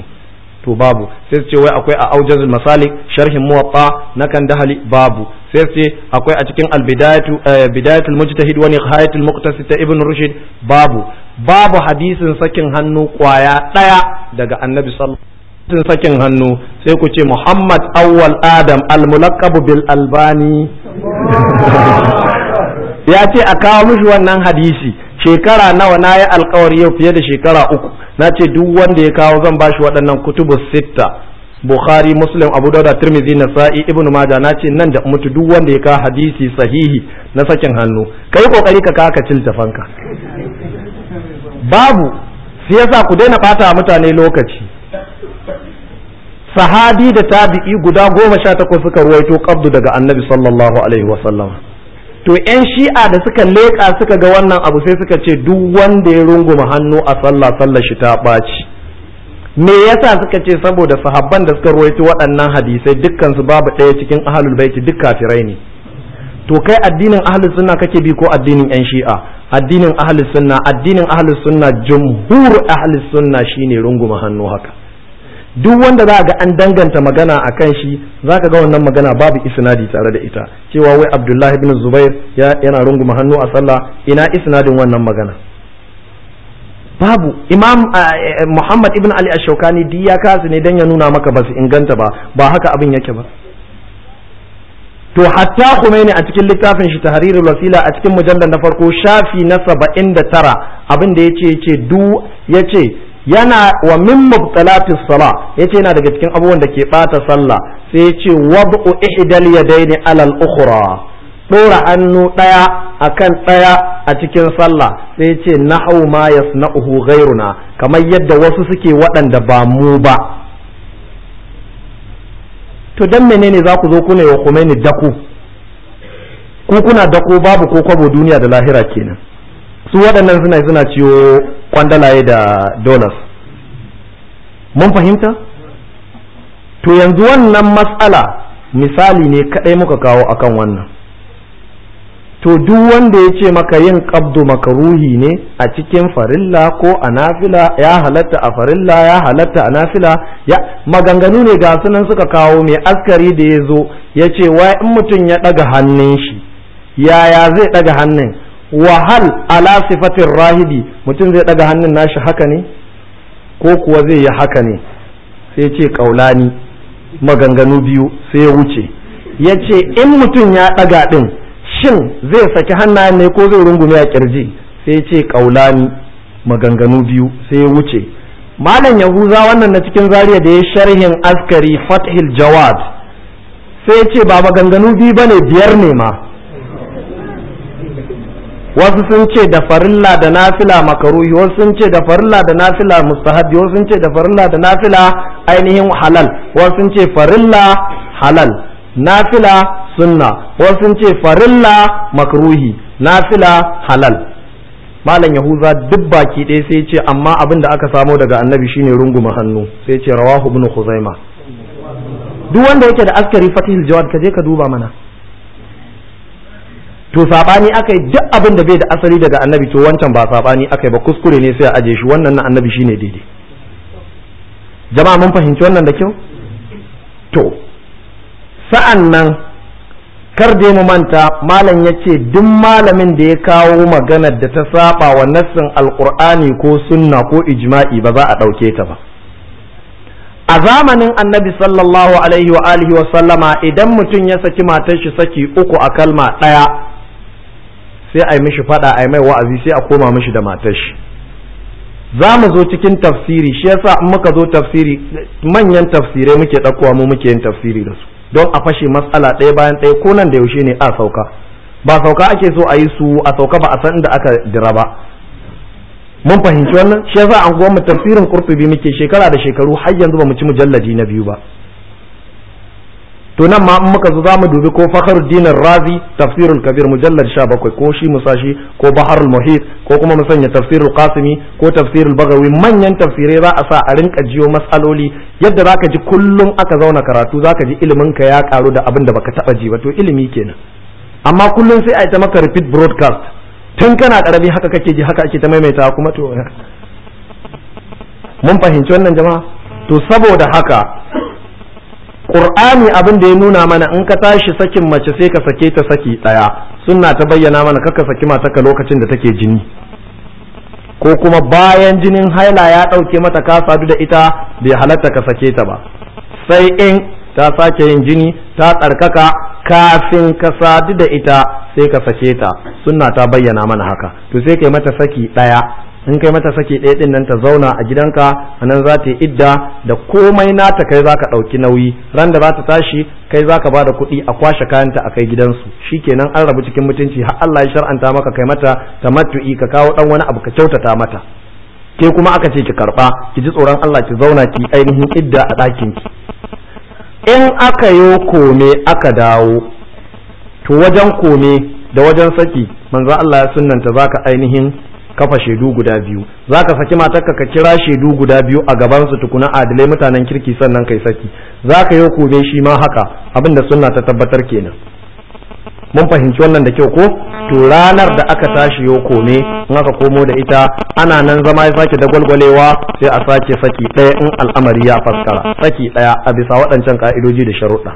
to babu sai su ce wai akwai a aujazul masalik sharhin muwatta na kan dahali babu sai su ce akwai a cikin albidayatu eh, bidayatul mujtahid wa nihayatul muqtasid ta ibn rushd babu babu hadisin sakin hannu kwaya daya daga annabi sallallahu alaihi sakin hannu sai ku ce muhammad awwal adam al mulaqab bil albani ya ce a kawo mishi wannan hadisi shekara nawa na yi alkawari yau fiye da shekara uku na ce duk wanda ya kawo zan bashi waɗannan kutubu sitta bukhari muslim abu dauda tirmidhi nasa'i ibn maja na ce nan da mutu duk wanda ya kawo hadisi sahihi na sakin hannu kai kokari ka kaka fanka. babu siyasa ku daina bata mutane lokaci Sahadi da tabi'i guda goma sha takwas suka ruwaito kabdu daga annabi sallallahu alaihi wasallam to yan shi'a da suka leƙa suka ga wannan abu sai suka ce duk wanda ya runguma hannu a sallah sallah shi ta ɓaci me yasa suka ce saboda sahabban da suka ruwaito waɗannan hadisai dukkan su babu ɗaya cikin ahlul baiti duk kafirai ne to kai addinin ahlus sunna kake bi ko addinin yan shi'a addinin ahlus sunna addinin ahlus sunna jumhur ahlus sunna shine runguma hannu haka duk wanda za a ga an danganta magana a kan shi za ka ga wannan magana babu isnadi tare da ita cewa wai abdullahi bin zubair yana runguma hannu a sallah ina isnadin wannan magana babu imam muhammad ibn ali ashokani duk ya kasu ne don ya nuna maka ba su inganta ba ba haka abin yake ba to hatta ne a cikin littafin shi tahrirul wasila a cikin mujallar na farko shafi na 79 abin da yace yace du yace yana wa min mubtalati sala yace yana daga cikin abubuwan da ke bata sallah sai yace wad'u ihdal yadayni ala al-ukhra dora hannu daya akan daya a cikin sallah sai yace nahu ma yasna'uhu ghayruna kamar yadda wasu suke waɗanda ba mu ba to dan menene za ku zo kuna yi wa daku ku kuna dako babu ko kwabo duniya da lahira kenan su waɗannan suna suna ciwo kwandalaye da dollars mun fahimta to yanzu wannan matsala misali ne kaɗai muka kawo akan wannan to duk wanda ya ce maka yin ƙabdu makaruhi ne a cikin farilla ko a nafila ya halatta a farilla ya halatta a nafila ya maganganu ne ga sunan suka kawo mai askari da ya zo ya ce wai in mutum ya ɗaga hannun shi yaya zai ɗaga hannun Wahal hal ala sifatin rahibi mutum zai daga hannun nashi haka ne ko kuwa zai yi haka ne sai ce kaulani maganganu biyu sai ya wuce ya ce in mutum ya daga din shin zai saki hannayen ne ko zai rungume a kirji sai ce kaulani maganganu biyu sai ya wuce malam yahuza wannan na cikin zariya da ya sharhin askari fathil jawad sai ce ba maganganu biyu bane biyar ne ma wasu sun ce da farilla da nafila makaruhi wasu sun ce da farilla da nafila mustahabi wasu sun ce da farilla da nafila ainihin halal wasu sun ce farilla halal nafila sunna wasu sun ce farilla makruhi nafila halal malam yahuza duk baki ɗaya sai ce amma abin da aka samo daga annabi shine runguma hannu sai ce rawahu ibn khuzaima duk wanda yake da askari fatihul jawad ka je ka duba mana to sabani aka yi duk abin da bai da asali daga annabi to wancan ba sabani aka yi ba kuskure ne sai a aje shi wannan na annabi shine daidai jama'a mun fahimci wannan da kyau to sa'an nan kar dai mu manta malam ya ce duk malamin da ya kawo magana da ta saba wa nassin alkur'ani ko sunna ko ijma'i ba za a ɗauke ta ba a zamanin annabi sallallahu alaihi wa alihi wa sallama idan mutum ya saki matar shi saki uku a kalma ɗaya sai a yi mishi fada a yi mai wa'azi sai a koma mishi da matar shi za mu zo cikin tafsiri shi yasa in muka zo tafsiri manyan tafsirai muke ɗaukowa mu muke yin tafsiri da su don a fashe matsala ɗaya bayan ɗaya ko nan da yaushe ne a sauka ba sauka ake so a yi su a sauka ba a san inda aka dira ba mun fahimci wannan shi yasa an mu tafsirin ƙurfe-bi muke shekara da shekaru har yanzu ba mu ci mujalladi na biyu ba to nan ma in muka zo zamu dubi ko Fakhruddin Razi Tafsirul Kabir mujallad 17 ko shi musashi ko Baharul Muhit ko kuma mu sanya Tafsirul Qasimi ko Tafsirul Bagawi manyan tafsirai za a sa a rinka jiyo masaloli yadda zaka ji kullum aka zauna karatu zaka ji ilimin ka ya karu da abin da baka taba ji ba to ilimi kenan amma kullum sai a yi ta maka repeat broadcast tun kana karami haka kake ji haka ake ta maimaita kuma to mun fahimci wannan jama'a to saboda haka qur'ani abin da ya nuna mana in ka tashi sakin mace sai ka sake ta saki daya sunna ta bayyana mana kaka saki ka lokacin da take jini ko kuma bayan jinin haila ya dauke mata ka sadu da ita bai halatta ka sake ta ba sai in ta sake yin jini ta tsarkaka kafin ka sadu da ita sai ka sake ta sunna ta bayyana mana haka to sai kai mata saki daya in kai mata saki ɗaya ɗin nan ta zauna a gidanka a nan za ta yi idda da komai nata kai za ka ɗauki nauyi ran da za ta tashi kai za ka ba da kuɗi a kwashe kayanta a kai gidansu shi kenan an rabu cikin mutunci har Allah ya shar'anta maka kai mata ta matu'i ka kawo ɗan wani abu ka kyautata mata ke kuma aka ce ki karɓa ki ji tsoron Allah ki zauna ki ainihin idda a ɗakin ki in aka yo kome aka dawo to wajen kome da wajen saki manzo Allah ya sunnanta zaka ainihin kafa shaidu guda biyu za ka saki matarka ka kira shaidu guda biyu a gaban su tukuna adalai mutanen kirki sannan kai saki za ka yi kobe shi ma haka abin da sunna ta tabbatar kenan mun fahimci wannan da kyau ko to ranar da aka tashi yo kome in aka komo da ita ana nan zama ya sake dagwalgwalewa sai a sake saki ɗaya in al'amari ya faskara saki ɗaya a bisa waɗancan ka'idoji da sharuɗa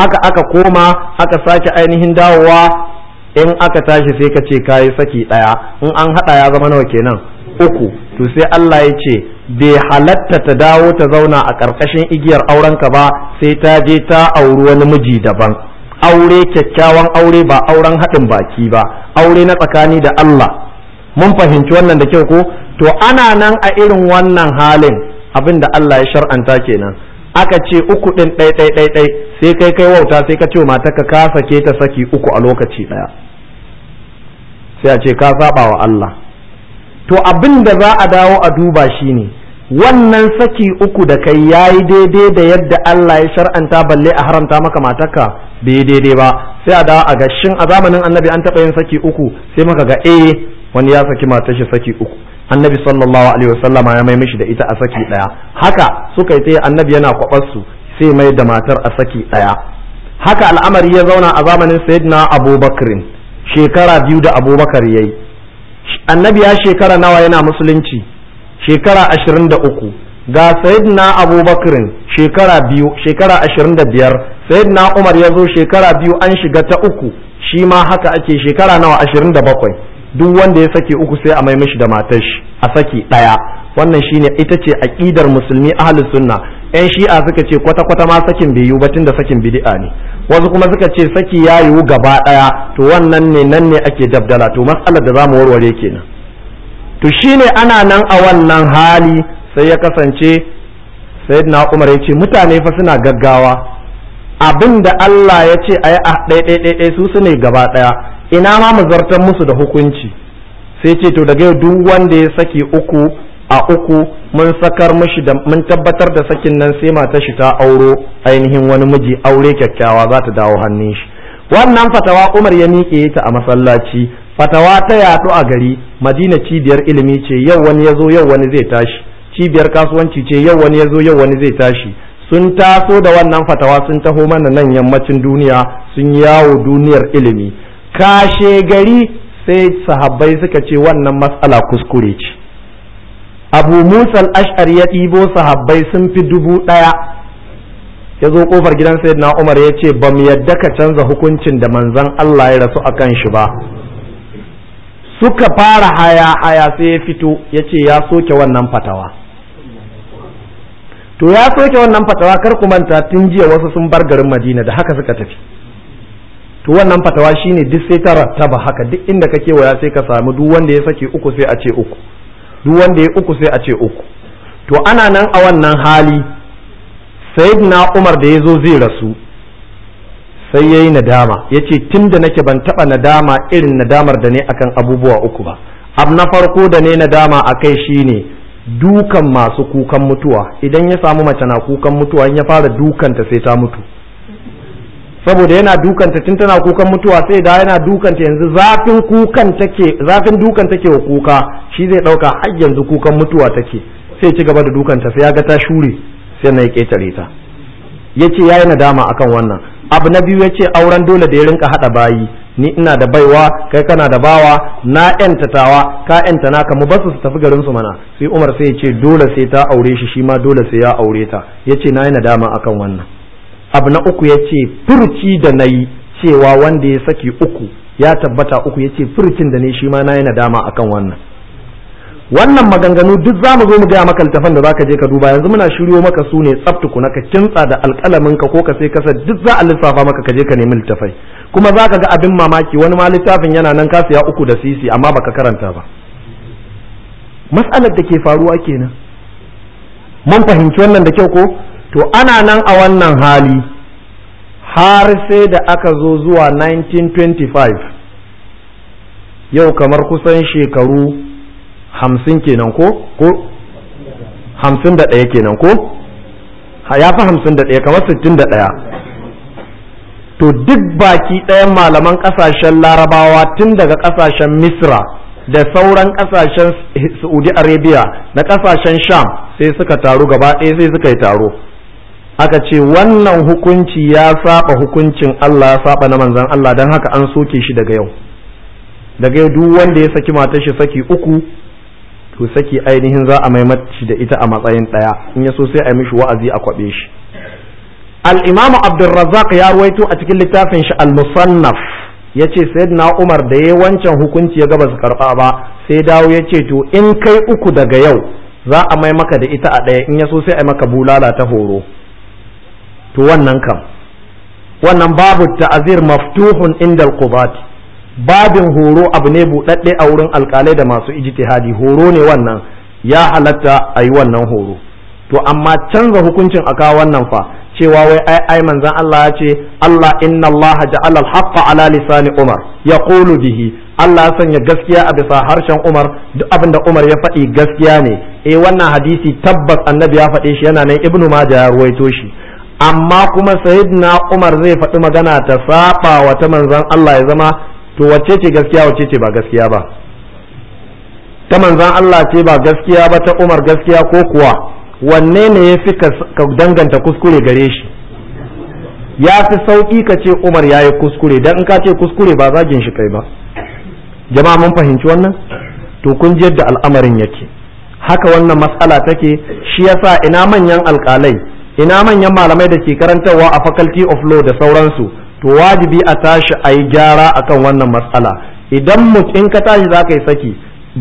haka aka koma aka sake ainihin dawowa in aka tashi sai ka ce kayi saki ɗaya in an haɗa ya zama nawa kenan uku to sai Allah ya ce bai halatta ta dawo ta zauna a ƙarƙashin igiyar aurenka ba sai ta je ta auri wani miji daban aure kyakkyawan aure ba auren haɗin baki ba aure na tsakani da Allah mun fahimci wannan da kyau ko to ana nan a irin wannan halin abin da Allah ya shar'anta kenan aka ce uku ɗin ɗai ɗai ɗai sai kai kai wauta sai ka ce matarka ka sake ta saki uku a lokaci ɗaya sai a ce ka saba wa Allah to abin da za a dawo a duba shi ne wannan saki uku da kai ya yi daidai da yadda Allah ya shar'anta balle a haramta maka matarka bai daidai ba sai a dawo a ga a zamanin annabi an taɓa yin saki uku sai maka ga e wani ya saki matar shi saki uku annabi sallallahu alaihi wasallama ya mai mishi da ita a saki ɗaya haka suka yi ta annabi yana kwabarsu sai mai da matar a saki ɗaya haka al'amari ya zauna a zamanin sayyidina abubakrin shekara biyu da abubakar ya yi annabi ya shekara nawa yana musulunci shekara ashirin da uku ga na abubakarin shekara biyu shekara ashirin da biyar na umar ya zo shekara biyu an shiga ta uku shi ma haka ake shekara nawa ashirin da bakwai duk wanda ya sake uku sai a mai mishi da matashi, a saki ɗaya wannan shine ita ce aqidar musulmi ahli sunna yan shi'a suka ce kwata kwata ma sakin bai yiwu tun da sakin bid'a ne wasu kuma suka ce saki ya yiwu gaba ɗaya to wannan ne nan ne ake dabdala to matsalar da zamu warware kenan to shine ana nan a wannan hali sai ya kasance sayyidina Umar ya ce mutane fa suna gaggawa abin da Allah ya ce a yi a ɗaiɗaiɗaiɗai su su ne gaba ɗaya ina ma mu zartar musu da hukunci sai ce to daga duk wanda ya saki uku a uku mun sakar mashi da mun tabbatar da sakin nan sai mata shi ta auro ainihin wani miji aure kyakkyawa za ta dawo hannun shi wannan fatawa Umar ya miƙe ta a masallaci fatawa ta yaɗu a gari Madina cibiyar ilimi ce yau wani ya zo yau wani zai tashi cibiyar kasuwanci ce yau wani ya zo yau wani zai tashi sun taso da wannan fatawa sun taho mana nan yammacin duniya sun yawo duniyar ilimi kashe gari sai sahabbai suka ce wannan matsala kuskure ce abu musa al-ash'ar ya ɗibo sahabbai sun fi dubu ɗaya ya zo kofar gidan sayyidina umar ya ce ba mu yadda ka canza hukuncin da manzon allah ya rasu akan shi ba suka fara haya haya sai ya fito ya ce ya soke wannan fatawa to ya soke wannan fatawa kar ku manta tun jiya wasu sun bar garin madina da haka suka tafi to wannan fatawa shine duk sai ta rattaba haka duk inda kake waya sai ka samu duk wanda ya sake uku sai a ce uku duk wanda ya uku sai a ce uku to ana nan a wannan hali na umar da ya zo zai rasu sai ya yi nadama ya ce tun da nake ban taɓa nadama irin nadamar da ne akan abubuwa uku ba abu na farko da ne nadama a kai shine dukan masu kukan mutuwa idan ya samu mace na kukan mutuwa in ya fara dukanta sai ta mutu saboda yana dukanta tun tana kukan mutuwa sai da yana dukanta yanzu zafin kukan take zafin dukan take wa kuka shi zai dauka har yanzu kukan mutuwa take sai ci gaba da dukanta sai ya ga ta shure sai na ya ketare ta yace yayi nadama akan wannan abu na biyu yace auren dole da ya rinka hada bayi ni ina da baiwa kai kana da bawa na yanta tawa ka yanta naka mu basu su tafi garin su mana sai Umar sai ya ce dole sai ta aure shi shi ma dole sai ya aure ta yace na yi nadama akan wannan abu na uku ya ce furci da na yi cewa wanda ya saki uku ya tabbata uku ya ce furcin da ne shi ma na yana nadama akan wannan wannan maganganu duk zamu zo mu gaya maka littafan da zaka je ka duba yanzu muna shiryo maka su ne tsaftuku na ka kintsa da alƙalamin ka ko ka sai kasa duk za a lissafa maka ka je ka nemi littafai kuma zaka ga abin mamaki wani ma littafin yana nan ka siya uku da sisi amma baka karanta ba matsalar da ke faruwa kenan mun fahimci wannan da kyau ko to ana nan a wannan hali har sai da aka zo zuwa 1925 yau kamar kusan shekaru hamsin kenan ko ko hamsin da ɗaya kenan ko ya fi hamsin da ɗaya kamar sittin da ɗaya to duk baki ɗayan malaman ƙasashen larabawa tun daga ƙasashen misra da sauran ƙasashen saudi arabia da ƙasashen sham sai suka taru gaba ɗaya sai suka yi taro aka ce wannan hukunci ya saba hukuncin Allah ya saba na manzan Allah don haka an soke shi daga yau daga yau duk wanda ya saki matar shi saki uku to saki ainihin za a shi da ita a matsayin ɗaya in ya so sai a mishi wa'azi a kwaɓe shi al-imam ya ruwaito a cikin littafin shi al-musannaf yace na umar da yayi wancan hukunci ya ga ba su karba ba sai dawo ya ce to in kai uku daga yau za a maimaka da ita a ɗaya in ya so sai a maka bulala ta horo to wannan kam wannan babu ta'azir maftuhun inda al babin horo abu ne buɗaɗɗe a wurin alkalai da masu ijtihadi horo ne wannan ya halatta a yi wannan horo to amma canza hukuncin a kawo wannan fa cewa wai ai ai manzon Allah ya ce Allah inna Allah ja'ala al-haqqa ala lisani Umar yaqulu bihi Allah ya sanya gaskiya a bisa harshen Umar duk abin da Umar ya faɗi gaskiya ne eh wannan hadisi tabbas annabi ya faɗe shi yana nan ibnu Majah ya ruwaito shi amma kuma sayyidina umar zai faɗi magana ta saba wa ta manzon Allah ya zama to wacce ce gaskiya wacce ce ba gaskiya ba ta manzon Allah ce ba gaskiya ba ta umar gaskiya ko kuwa wanne ne ya fi ka danganta kuskure gare shi ya fi sauƙi ka ce umar ya yi kuskure dan in ka ce kuskure ba zagin shi kai ba jama'a mun fahimci wannan to kun ji yadda al'amarin yake haka wannan matsala take shi yasa ina manyan alƙalai ina manyan malamai da ke karantarwa a faculty of law da sauransu to wajibi a tashi a yi gyara akan wannan matsala idan in ka tashi za ka yi saki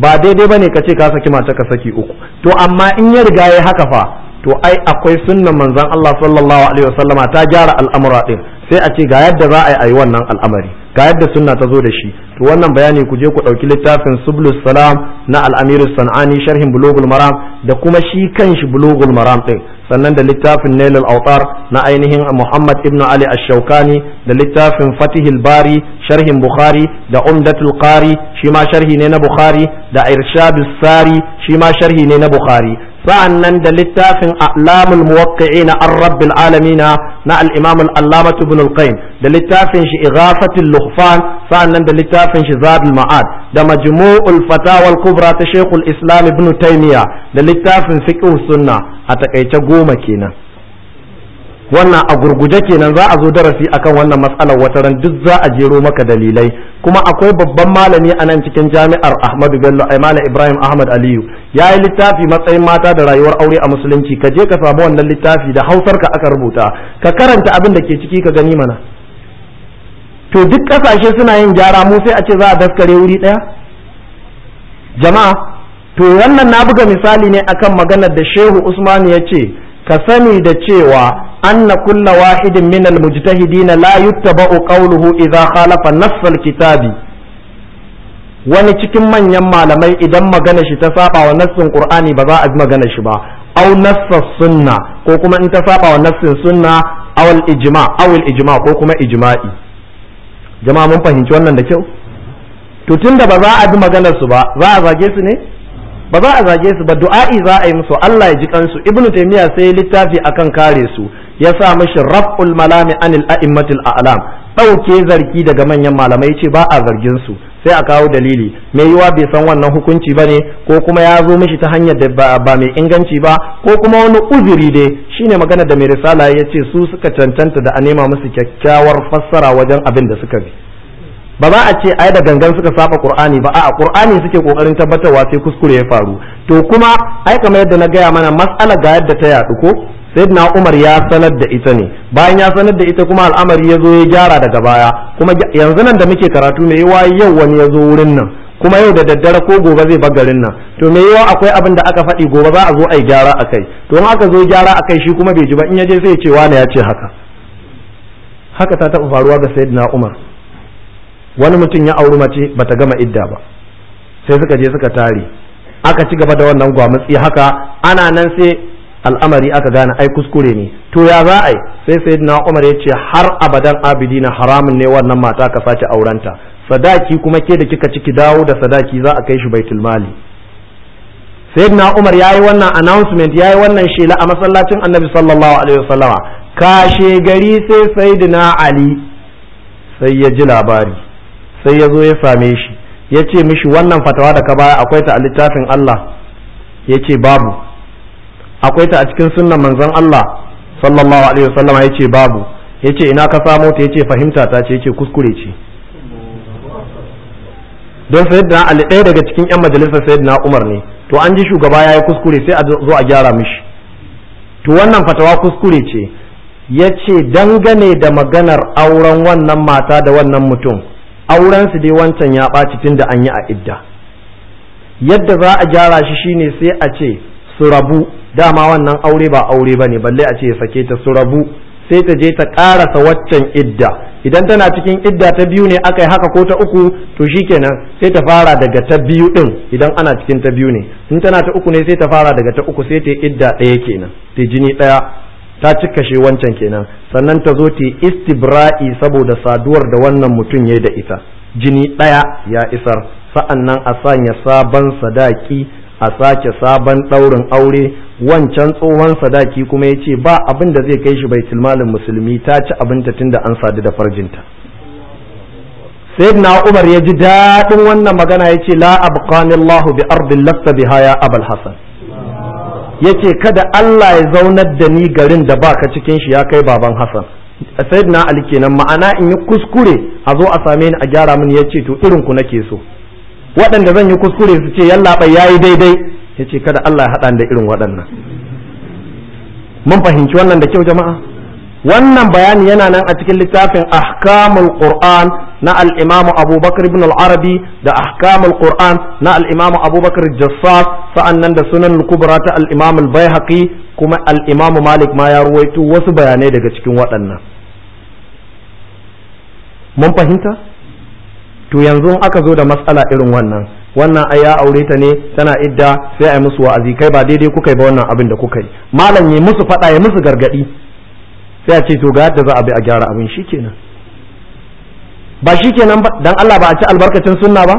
ba daidai ba ne ka ce ka saki mace ka saki uku to amma in ya riga ya haka fa to ai akwai sunnan manzon Allah sallallahu alaihi wasallama ta gyara al'amura din sai a ce ga yadda za a yi wannan al'amari ga yadda sunna ta zo da shi to wannan bayani ku je ku ɗauki littafin sublus salam na al'amiru san'ani sharhin bulogul maram da kuma shi kanshi bulogul maram ɗin sannan da littafin nailul autar na ainihin muhammad ibn ali ash-shawkani da littafin fatihul bari sharhin bukhari da umdatul qari shi ma sharhi ne na bukhari da irshadus sari shi ma sharhi ne na bukhari sa'an nan da littafin alamun muwaqqi'ina an rabbil alamina na al-imam al-allamah da littafin shi ighafatul lughfan sa'an nan da littafin shi zadul ma'ad da majmu'ul fatawa kubra ta shekul islam ibn taimiyya da littafin fiqh sunna a takaice goma kenan wannan a gurguje kenan za a zo darasi akan wannan matsalar wata ran duk za a jero maka dalilai kuma akwai babban malami a nan cikin jami'ar Ahmadu Bello ai eh, malam Ibrahim Ahmad Aliyu ya yi littafi matsayin mata da rayuwar aure a musulunci ka je ka samu wannan littafi da Hausar ka aka rubuta ka karanta abin da ke ciki ka gani mana to duk kasashe suna yin gyara mu sai a ce za a daskare wuri daya jama'a to wannan na buga misali ne akan maganar da Shehu Usman ya ce ka sani da cewa أن كل واحد من المجتهدين لا يتبع قوله إذا خالف نص الكتاب wani cikin manyan malamai idan magana shi ta saba wa nassin qur'ani ba za a magana shi ba aw nassa sunna ko kuma in ta saba wa nassin sunna aw al ijma aw al ijma ko kuma ijma'i jama'a mun fahimci wannan da kyau to tunda ba za a bi magana su ba za a zage su ne ba za a zage su ba du'a'i za a yi musu Allah ya ji kansu ibnu taymiya sai littafi akan kare su ya sa mashi raf'ul malami anil a'immatil a'lam ɗauke zargi daga manyan malamai ce ba a zargin su sai a kawo dalili mai yiwa bai san wannan hukunci ba ne ko kuma ya zo mishi ta hanyar da ba mai inganci ba ko kuma wani uzuri dai shine magana da mai risala ya ce su suka cancanta da a nema musu kyakkyawar fassara wajen abin da suka bi ba za a ce ai da gangan suka saba qur'ani ba a qur'ani suke kokarin tabbatarwa sai kuskure ya faru to kuma ai kamar yadda na gaya mana mas'ala ga yadda ta yadu ko na umar ya sanar da ita ne bayan ya sanar da ita kuma al'amari ya zo ya gyara daga baya kuma yanzu nan da muke karatu mai yawa yau wani ya zo wurin nan kuma yau da daddare ko gobe zai bar garin nan to me yawa akwai abin da aka faɗi gobe za a zo a yi gyara a kai to in aka zo gyara a kai shi kuma bai ji ba in ya je sai ya ce wani ya ce haka haka ta taɓa faruwa ga sayyidina umar wani mutum ya auri mace bata gama idda ba sai suka je suka tare aka ci gaba da wannan gwamutsi haka ana nan sai al'amari aka gane ai kuskure ne to ya za a yi sai sayyidina umar ya ce har abadan abidina haramun ne wannan mata ka sace aurenta sadaki kuma ke da kika ciki dawo da sadaki za a kai shi baitul mali sayyidina umar yayi wannan announcement yi wannan shela a masallacin annabi sallallahu alaihi wasallama kashe gari sai sayyidina ali sai ya ji labari sai ya zo ya same shi ya ce mishi wannan fatawa da ka baya akwai ta a littafin Allah ya ce babu akwai ta a cikin sunnan manzon Allah sallallahu alaihi ya yace babu yace ina ka samo ta yace fahimta ta ce yace kuskure ce don sayyidina Ali ɗaya daga cikin yan majalisar sayyidina Umar ne to an ji shugaba yayi kuskure sai a zo a gyara mishi to wannan fatawa kuskure ce yace dangane da maganar auren wannan mata da wannan mutum auren su dai wancan ya ɓaci tun da an yi a idda yadda za a gyara shi shine sai a ce su rabu dama wannan aure ba aure ba ne balle a ce sake ta su rabu sai ta je ta karasa waccan idda idan tana cikin idda ta biyu ne aka yi haka ko ta uku to shikenan sai ta fara daga ta biyu din idan ana cikin ta biyu ne in tana ta uku ne sai ta fara daga ta uku sai ta yi idda ɗaya kenan ta jini ɗaya ta cika shi wancan kenan sannan ta zo ta yi istibra'i saboda saduwar da wannan mutum ya da ita jini ɗaya ya isar sa'an nan a sanya sabon sadaki a sake sabon ɗaurin aure wancan tsohon sadaki kuma ya ce ba abin da zai kai shi bai tilmalin musulmi ta ci abinta tunda an sadu da farjinta na umar ya ji daɗin wannan magana ya ce la abqanillahu bi ardin lasta biha ya abul hasan ya ce kada Allah ya zaunar da ni garin da ba ka cikin shi ya kai baban hasan na ali kenan ma'ana in yi kuskure a zo a same ni a gyara mini ya ce to irin ku nake so waɗanda zan yi kuskure su ce yallaɓai ya yi daidai ya ce kada Allah ya haɗa da irin waɗannan mun fahimci wannan da kyau jama'a wannan bayani yana nan a cikin littafin ahkamul qur'an na al-imamu abubakar ibn al-arabi da ahkamul qur'an na al-imamu abubakar jassas sa'annan da sunan al-kubra ta al-imamu al bayhaqi kuma al-imamu malik ma ya ruwaito wasu bayanai daga cikin waɗannan mun fahimta to yanzu aka zo da matsala irin wannan wannan ai ya aure ta ne tana idda sai yi musu wa'azi kai ba daidai kuka yi ba wannan abin da kuka yi malam yi musu faɗa ya musu gargaɗi sai a ce to ga yadda za a bi a gyara abin shikenan ba shikenan ba dan Allah ba a ci albarkacin sunna ba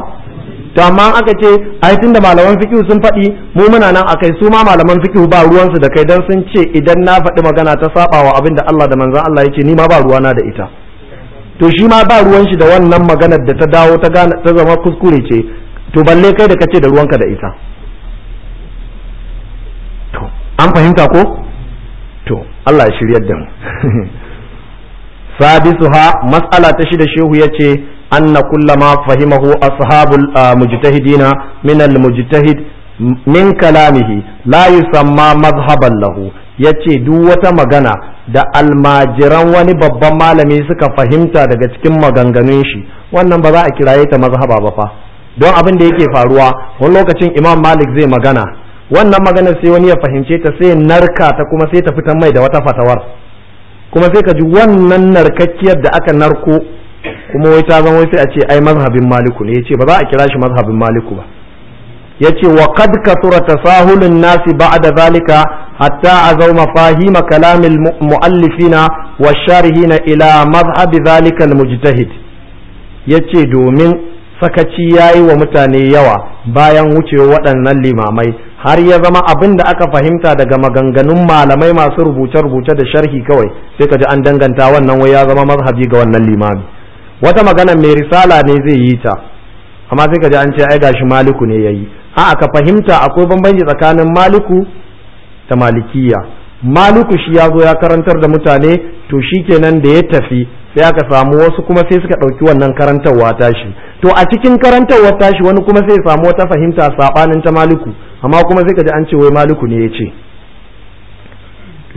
to amma aka ce ai tunda malaman fiqh sun faɗi mu muna nan akai su ma malaman fiqh ba ruwansu da kai dan sun ce idan na faɗi magana ta saba wa abin da Allah da manzon Allah yake ni ma ba ruwana da ita to shi ma ba ruwan shi da wannan maganar da ta dawo ta zama kuskure ce to balle kai da kace da ruwanka da ita to an fahimta ko to Allah ya shiryar da mu sadisuha mas'ala ta shida shehu yace anna kullama fahimahu ashabul mujtahidina min al mujtahid min kalamihi la yusamma madhhaban lahu yace duk wata magana da almajiran wani babban malami suka fahimta daga cikin maganganun shi wannan ba za a kiraye ta mazhaba ba fa don abin da yake faruwa wani lokacin imam malik zai magana wannan magana sai wani ya fahimce ta sai narka ta kuma sai ta fitan mai da wata fatawar kuma sai ka ji wannan narkakkiyar da aka narko kuma wai ta zama sai a ce ai mazhabin maliku ne yace ba za a kira shi mazhabin maliku ba yace wa qad kathura tasahulun nasi ba'da zalika hatta azaw mafahim kalamil muallifina wa sharihina ila mazhab zalika al mujtahid yace domin sakaci ya yi wa mutane yawa bayan wucewa waɗannan limamai har ya zama abin da aka fahimta daga maganganun malamai masu rubuce-rubuce da sharhi kawai sai ka ji an danganta wannan wai ya zama mazhabi ga wannan limami wata magana mai risala ne zai yi ta amma sai ka ji an ce ai gashi maliku ne yayi a ka fahimta akwai bambanci tsakanin maliku da malikiya maliku shi ya zo ya karantar da mutane to shi kenan da ya tafi sai aka samu wasu kuma sai suka ɗauki wannan karantarwa tashi to a cikin karantarwa tashi wani kuma sai samu wata fahimta saɓanin ta maliku amma kuma sai ka ji an ce wai maliku ne ya ce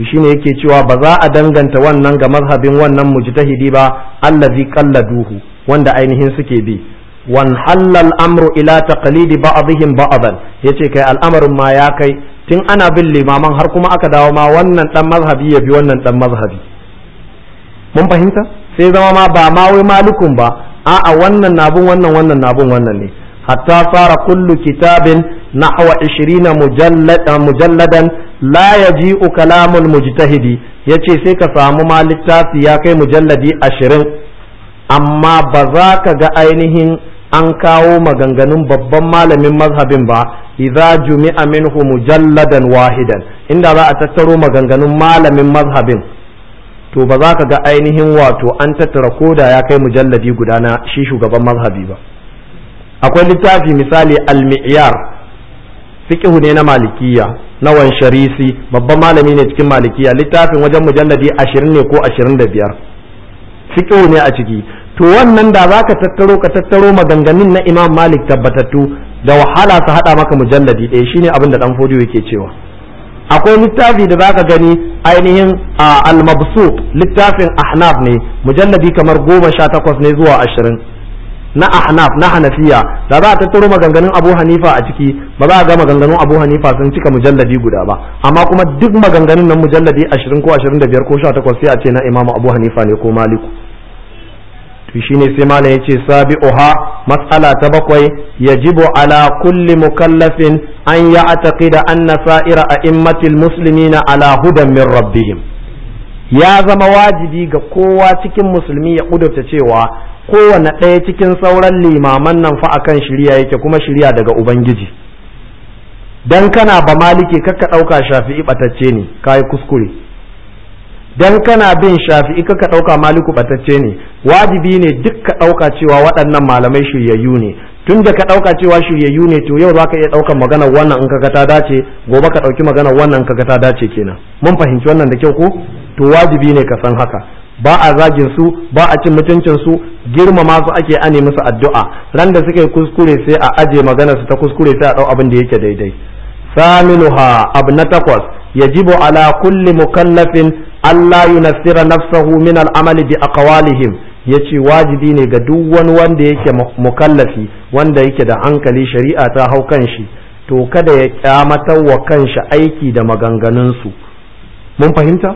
to shine yake cewa ba za a danganta wannan ga mazhabin wannan mujtahidi ba kalla duhu wanda ainihin suke bi wan halal amru ila taqlidi ba'dihim ba'dan yace kai al'amarin ma ya kai tun ana bin limaman har kuma aka dawo ma wannan dan mazhabi ya bi wannan dan mazhabi mun fahimta sai zama ma ba ma wai malikun ba a'a wannan nabun wannan wannan nabun wannan ne hatta fara kullu kitabin nahwa 20 eh, mujalladan la yaji'u kalamul mujtahidi yace sai ka samu ma littafi ya kai mujalladi ashirin. amma ba za ka ga ainihin an kawo maganganun babban malamin mazhabin ba idza jumi'a minhu mujalladan wahidan inda za a tattaro maganganun malamin mazhabin to ba za ka ga ainihin wato an tattara ko da ya kai mujalladi guda na shi shugaban mazhabi ba akwai littafi misali al-mi'yar fiqhu ne na malikiya na wansharisi babban malami ne cikin malikiya littafin wajen mujalladi 20 ne ko 25 fiqhu ne a ciki to wannan da za ka tattaro ka tattaro maganganun na imam malik tabbatattu da wahala su haɗa maka mujalladi ɗaya shine abin da ɗan fodiyo yake cewa akwai littafi da zaka gani ainihin al-mabsuq littafin ahnaf ne mujalladi kamar goma sha ne zuwa ashirin na ahnaf na hanafiya da za a tattaro maganganun abu hanifa a ciki ba za a ga maganganun abu hanifa sun cika mujalladi guda ba amma kuma duk maganganun nan mujalladi ashirin ko ashirin da ko sha sai a ce na imamu abu hanifa ne ko maliku to shine sai malam ya ce sabi oha matsala ta bakwai ya jibo ala kulli mukallafin an an na sa'ira a musulmi na ala hudan min rabbihim ya zama wajibi ga kowa cikin musulmi ya ƙudurta cewa kowane ɗaya cikin sauran limaman nan fa akan shirya yake kuma shirya daga ubangiji dan kana ba maliki kakka ɗauka shafi'i ɓatacce ne kayi kuskure dan kana bin shafi'i ka ɗauka maliku batacce ne wajibi ne duk ka ɗauka cewa waɗannan malamai shiryayyu ne tun da ka ɗauka cewa shiryayyu ne to yau za ka iya ɗaukan magana wannan in kaga ta dace gobe ka ɗauki magana wannan in kaga ta dace kenan mun fahimci wannan da kyau ko to wajibi ne ka san haka ba a zagin su ba a cin mutuncin su girmama su ake ane musu addu'a ran da suka yi kuskure sai a aje magana su ta kuskure sai a ɗau abin da yake daidai saminuha abu na takwas yajibu ala kulli mukallafin Allah yunassira nafsahu min al'amali bi ya ce wajibi ne ga duk wani wanda yake mukallafi wanda yake da hankali shari'a ta hau kan shi to kada ya kyamatar wa kanshi aiki da maganganunsu mun fahimta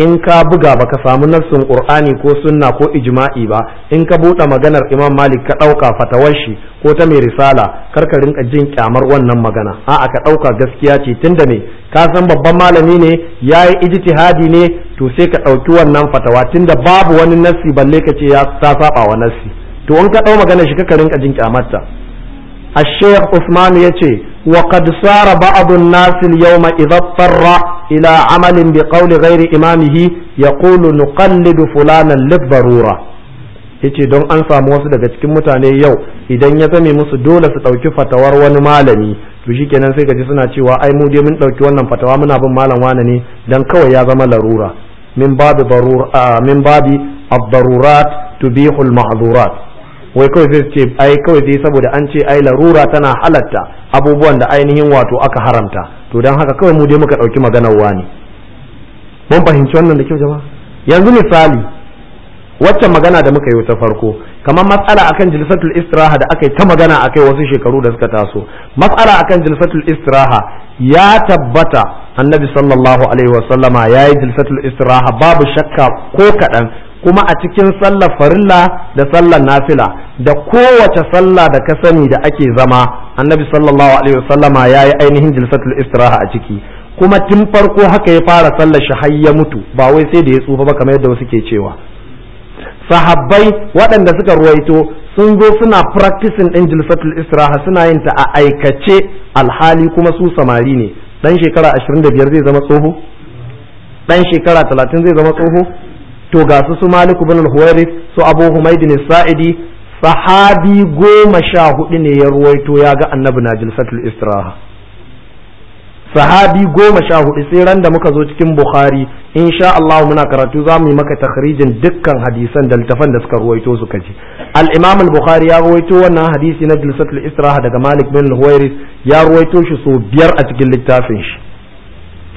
in ka buga ba ka samu nassin qur'ani ko sunna ko ijma'i ba in ka buɗe maganar imam malik ka ɗauka fatawar shi ko ta mai risala kar ka rinka jin kyamar wannan magana a'a ka ɗauka gaskiya ce tunda me ka san babban malami ne yayi ijtihadi ne to sai ka ɗauki wannan fatawa tunda babu wani nassi balle ka ce ya ta saba wa nassi to in ka ɗau maganar shi ka rinka jin kyamarta Usmanu ya yace وقد صار بعض الناس اليوم إذا اضطر إلى عمل بقول غير إمامه يقول نقلد فلانا للضرورة yace don an samu wasu daga cikin mutane yau idan ya zame musu dole su ɗauki fatawar wani malami to shikenan sai gaji suna cewa ai mu dai mun ɗauki wannan fatawa muna bin malam wane ne dan kawai ya zama larura min babi darura min babi ad-darurat tubihul mahdurat wai kawai sai ce ai kawai sai saboda an ce ai larura tana halatta abubuwan da ainihin wato aka haramta to don haka kawai mu dai muka ɗauki maganar wani mun fahimci wannan da kyau jama'a yanzu misali waccan magana da muka yi ta farko kamar matsala akan jilsatul istiraha da aka yi ta magana a kai wasu shekaru da suka taso matsala akan jilsatul istiraha ya tabbata annabi sallallahu alaihi wasallama ya yi jilsatul istiraha babu shakka ko kaɗan kuma a cikin sallar farilla da sallar nafila da kowace sallah da ka sani da ake zama annabi sallallahu alaihi wasallama ya yi ainihin jilsatul istiraha a ciki kuma tun farko haka ya fara sallar shi har ya mutu ba wai sai da ya tsufa ba kamar yadda wasu ke cewa sahabbai waɗanda suka ruwaito sun zo suna practicing ɗin jilsatul istiraha suna yin ta a aikace alhali kuma su samari ne dan shekara 25 zai zama tsoho dan shekara 30 zai zama tsoho to ga su su Malik ibn al huwairis su Abu Humaid al-Sa'idi sahabi goma sha hudu ne ya ruwaito ya ga annabi na jilsatul istiraha sahabi goma sha hudu sai ran da muka zo cikin Bukhari insha Allah muna karatu za mu yi maka takhrijin dukkan hadisan da littafan da suka ruwaito su kaji al-Imam al-Bukhari ya ruwaito wannan hadisi na jilsatul istiraha daga Malik bin al huwairis ya ruwaito shi so biyar a cikin littafin shi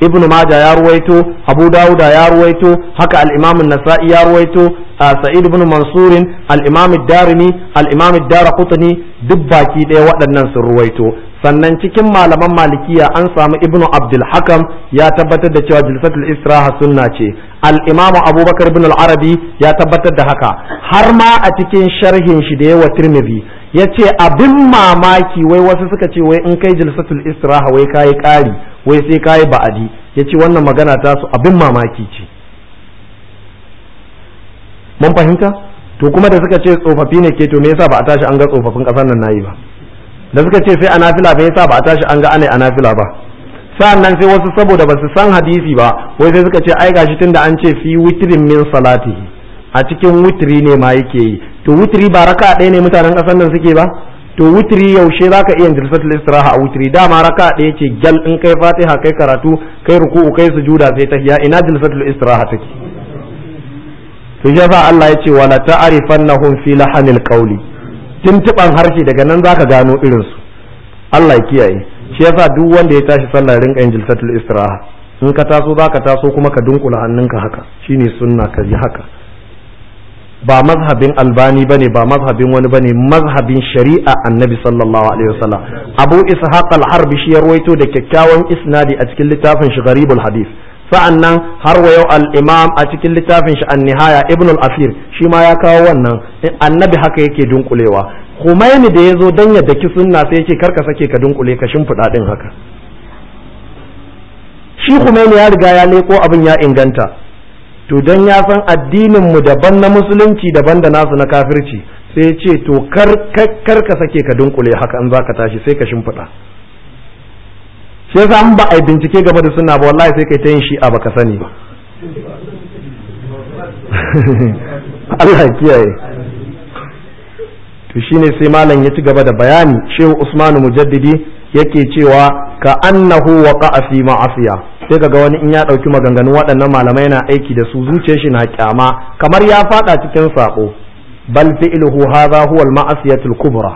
ibn majah ya ruwaito abu dauda ya ruwaito haka al-imam nasai ya ruwaito sa'id ibn Mansurin al-imam ad-darimi al-imam ad-darqutni duk baki ɗaya waɗannan sun ruwaito sannan cikin malaman malikiya an samu ibn abdul hakam ya tabbatar da cewa jilsatul istiraha sunna ce al abubakar bin al-arabi ya tabbatar da haka har ma a cikin sharhin shi da wa tirmidhi ya ce abin mamaki wai wasu suka ce wai in kai jilsatul israha wai kayi ƙari wai sai kayi ba'adi ya ce wannan magana ta su abin mamaki ce mun fahimta to kuma da suka ce tsofaffi ne ke to me yasa ba a tashi an ga tsofaffin ƙasar nan nayi ba da suka ce sai anafila me yasa ba a tashi an ga ana anafila ba sa'annan sai wasu saboda ba su san hadisi ba wai sai suka ce ai gashi tunda an ce fi witrin min salatihi a cikin wutri ne ma yake yi to wutri ba raka ɗaya ne mutanen ƙasar nan suke ba to wutri yaushe za ka iya jilsatul istiraha a wutri dama raka ɗaya ce gyal in kai fatiha kai karatu kai ruku'u kai su juda sai tahiya ina jilsatul istiraha take to ya sa Allah ya ce wala ta'rifannahum fi lahanil qawli tuntuban harshe daga nan zaka gano irin su Allah ya kiyaye shi yasa duk wanda ya tashi sallah rinka yin jilsatul istiraha in ka taso zaka taso kuma ka dunkula hannunka haka shine sunna ka ji haka ba mazhabin albani bane ba mazhabin wani bane mazhabin shari'a annabi sallallahu alaihi wasallam abu ishaq al-harbi shi ya da kyakkyawan isnadi a cikin littafin shi gharibul hadith sa'annan har wa yau al-imam a cikin littafin shi an-nihaya ibn al-asir shi ma ya kawo wannan annabi haka yake dunkulewa humaini da yazo dan ya daki sunna sai yake karka sake ka dunkule ka shimfiɗa din haka shi humaini ya riga ya leko abin ya inganta to dan ya san addinin mu daban na musulunci daban da nasu na kafirci sai ce to kar kar ka sake ka dunkule haka in zaka tashi sai ka shimfiɗa sai yasa ba a bincike game da sunna ba wallahi sai kai ta yin shi a baka sani ba Allah kiyaye to shine sai malam ya ci gaba da bayani shehu Usmanu Mujaddidi yake cewa ka annahu waqa'a fi ma'asiya sai ga wani in ya ɗauki maganganun waɗannan malamai na aiki da su zuce shi na kyama kamar ya faɗa cikin saƙo bal fi'luhu hadha huwa al-ma'siyatul kubra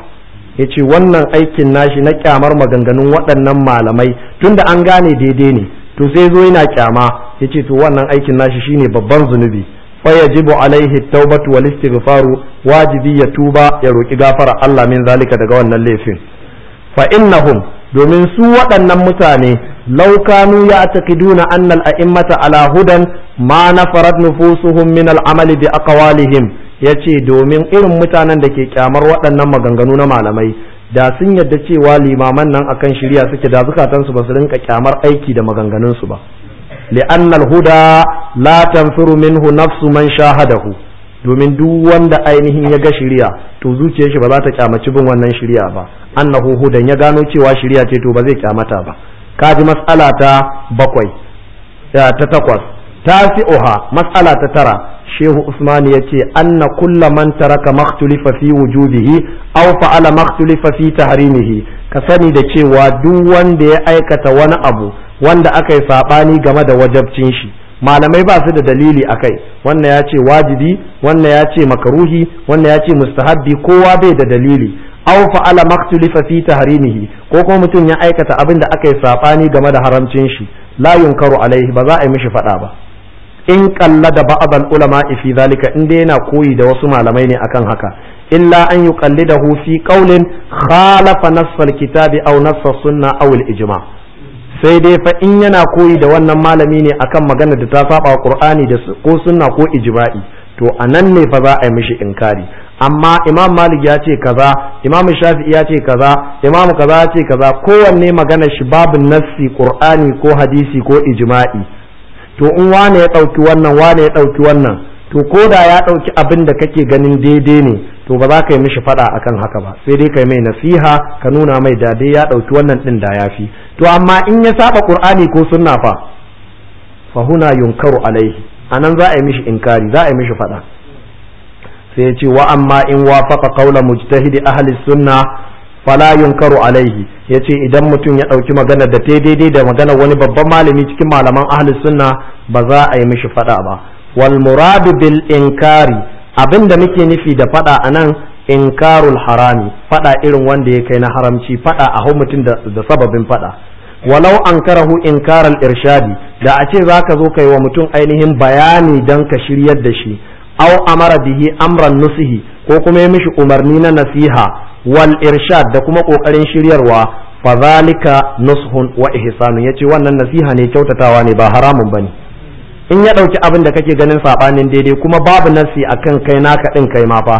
yace wannan aikin nashi na kyamar maganganun waɗannan malamai tunda an gane daidai ne to sai zo yana kyama yace to wannan aikin nashi shine babban zunubi fa yajibu alaihi tawbatu wal istighfaru wajibi ya tuba ya roki gafara Allah min zalika daga wannan laifin fa innahum domin su waɗannan mutane laukanu ya taƙiduna annal a'immata ala hudan ma nafarat nufusuhum min al'amali bi aqwalihim yace domin irin mutanen da ke kyamar waɗannan maganganu na malamai da sun yadda cewa limaman nan akan shirya suke da zukatansu ba su rinka kyamar aiki da maganganunsu ba li'annal huda la tanfuru minhu nafsu man shahadahu domin duk wanda ainihin ya ga shirya to zuciyar shi ba za ta kyamaci bin wannan shirya ba annahu hudan ya gano cewa shirya ce to ba zai kyamata ba ka ji mas'ala ta bakwai ta takwas ta oha mas'ala ta tara shehu usman ya ce anna kulla man taraka maktulifa fi wujubihi aw fa'ala maktulifafi fi tahrimihi ka sani da cewa duk wanda ya aikata wani abu wanda aka yi sabani game da wajabcin shi malamai ba su da dalili akai wannan ya ce wajibi wannan ya ce makaruhi wannan ya ce mustahabbi kowa bai da dalili aw fa'ala maktulifa fi tahrimihi ko kuma mutum ya aikata abin da aka yi sabani game da haramcin shi la yunkaru alaihi ba za a yi mishi fada ba in kalla da ba'd ulama fi zalika inda yana koyi da wasu malamai ne akan haka illa an yuqallidahu fi qawlin khalafa nass al-kitabi aw nass sunna aw al-ijma' sai dai fa in yana koyi da wannan malami ne akan magana da ta saba qur'ani da ko sunna ko ijma'i to anan ne fa za a yi mishi inkari amma imam malik ya ce kaza imam shafi'i ya ce kaza imam kaza ya ce kaza kowanne magana shi babu nassi qur'ani ko hadisi ko ijma'i to in wane ya dauki wannan wane ya dauki wannan to ko da ya dauki abin da kake ganin daidai ne to ba za ka yi mishi fada akan haka ba sai dai ka yi mai nasiha ka nuna mai dade ya ɗauki wannan ɗin da yafi to amma in ya saba qur'ani ko sunna fa fa huna yunkaru alaihi anan za a yi mishi inkari za a yi mishi fada sai ya ce wa amma in wafaqa qawla mujtahidi ahli sunna fala yunkaru alaihi yace idan mutum ya ɗauki magana da ta daidai da magana wani babban malami cikin malaman ahli sunna ba za a yi mishi fada ba wal muradu bil inkari abin da muke nufi da fada a nan in karul harami fada irin wanda ya kai na haramci fada a hau mutum da sababin fada walau an karahu karar irshadi da a ce za ka zo kai wa mutum ainihin bayani don ka shiryar da shi au amara bihi amran nusihi ko kuma ya mishi umarni na nasiha wal irshad da kuma kokarin shiryarwa fa zalika nushun wa ya yace wannan nasiha ne kyautatawa ne ba haramun bane in ya ɗauki abin da kake ganin saɓanin daidai kuma babu nasi a kan kai naka ɗin kai ma fa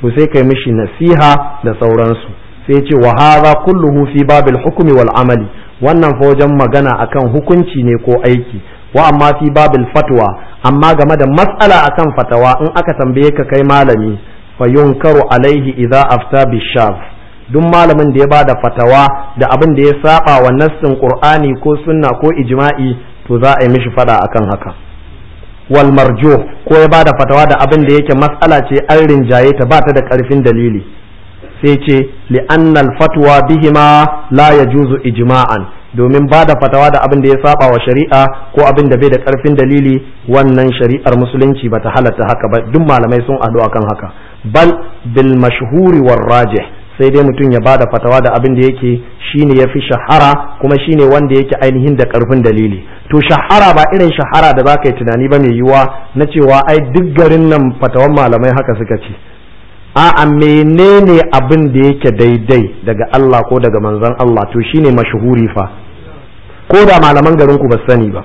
to sai kai mishi nasiha da sauransu sai ce wa kullu kulluhu fi babil hukmi wal amali wannan fojan magana akan hukunci ne ko aiki wa amma fi babil fatwa amma game da matsala akan fatawa in aka tambaye ka kai malami fa yunkaru alaihi idza afta shaf duk malamin da ya bada fatawa da abin da ya saba wa nassin qur'ani ko sunna ko ijma'i to za a yi mishi fada akan haka wal marjuh ko ya bada fatawa da abin da yake mas'ala ce an rinjaye ta ba ta da karfin dalili sai ce li annal fatwa bihima la yajuzu ijma'an domin bada fatawa da abin da ya saba wa shari'a ko abin da bai da karfin dalili wannan shari'ar musulunci bata halatta haka ba duk malamai sun ado akan haka bal bil mashhuri war rajih sai dai mutum ya bada fatawa da abin da yake shine fi shahara kuma shine wanda yake ainihin da karfin dalili to shahara ba irin shahara da zaka yi tunani ba mai yiwuwa na cewa ai duk garin nan fatawan malamai haka suka ce a'a menene abin da yake daidai daga Allah ko daga manzon Allah to shine mashuhuri fa ko da malaman garinku ku ba sani ba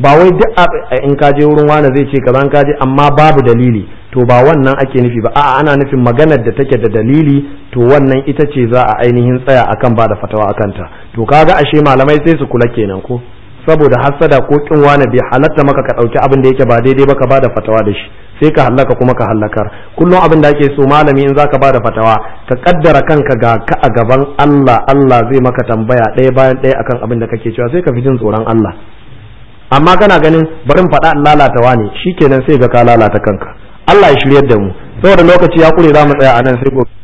ba wai duk in ka je wurin wani zai ce kaza ka je amma babu dalili to ba wannan ake nufi ba a'a ana nufin maganar da take da dalili to wannan ita ce za a ainihin tsaya akan ba da fatawa akan ta to kaga ashe malamai sai su kula kenan ko saboda hassada ko kin wani bai halatta maka ka dauki abin da yake ba daidai ba ka ba da fatawa da shi sai ka hallaka kuma ka hallakar kullum abin da ake so malami in zaka ba da fatawa ka kaddara kanka ga ka a gaban Allah Allah zai maka tambaya ɗaya bayan ɗaya akan abin da kake cewa sai ka fi jin tsoron Allah amma kana ganin barin faɗa in lalatawa ne shikenan sai ga ka lalata kanka Allah ya shiryar da mu saboda lokaci ya kure za mu tsaya a nan sai gobe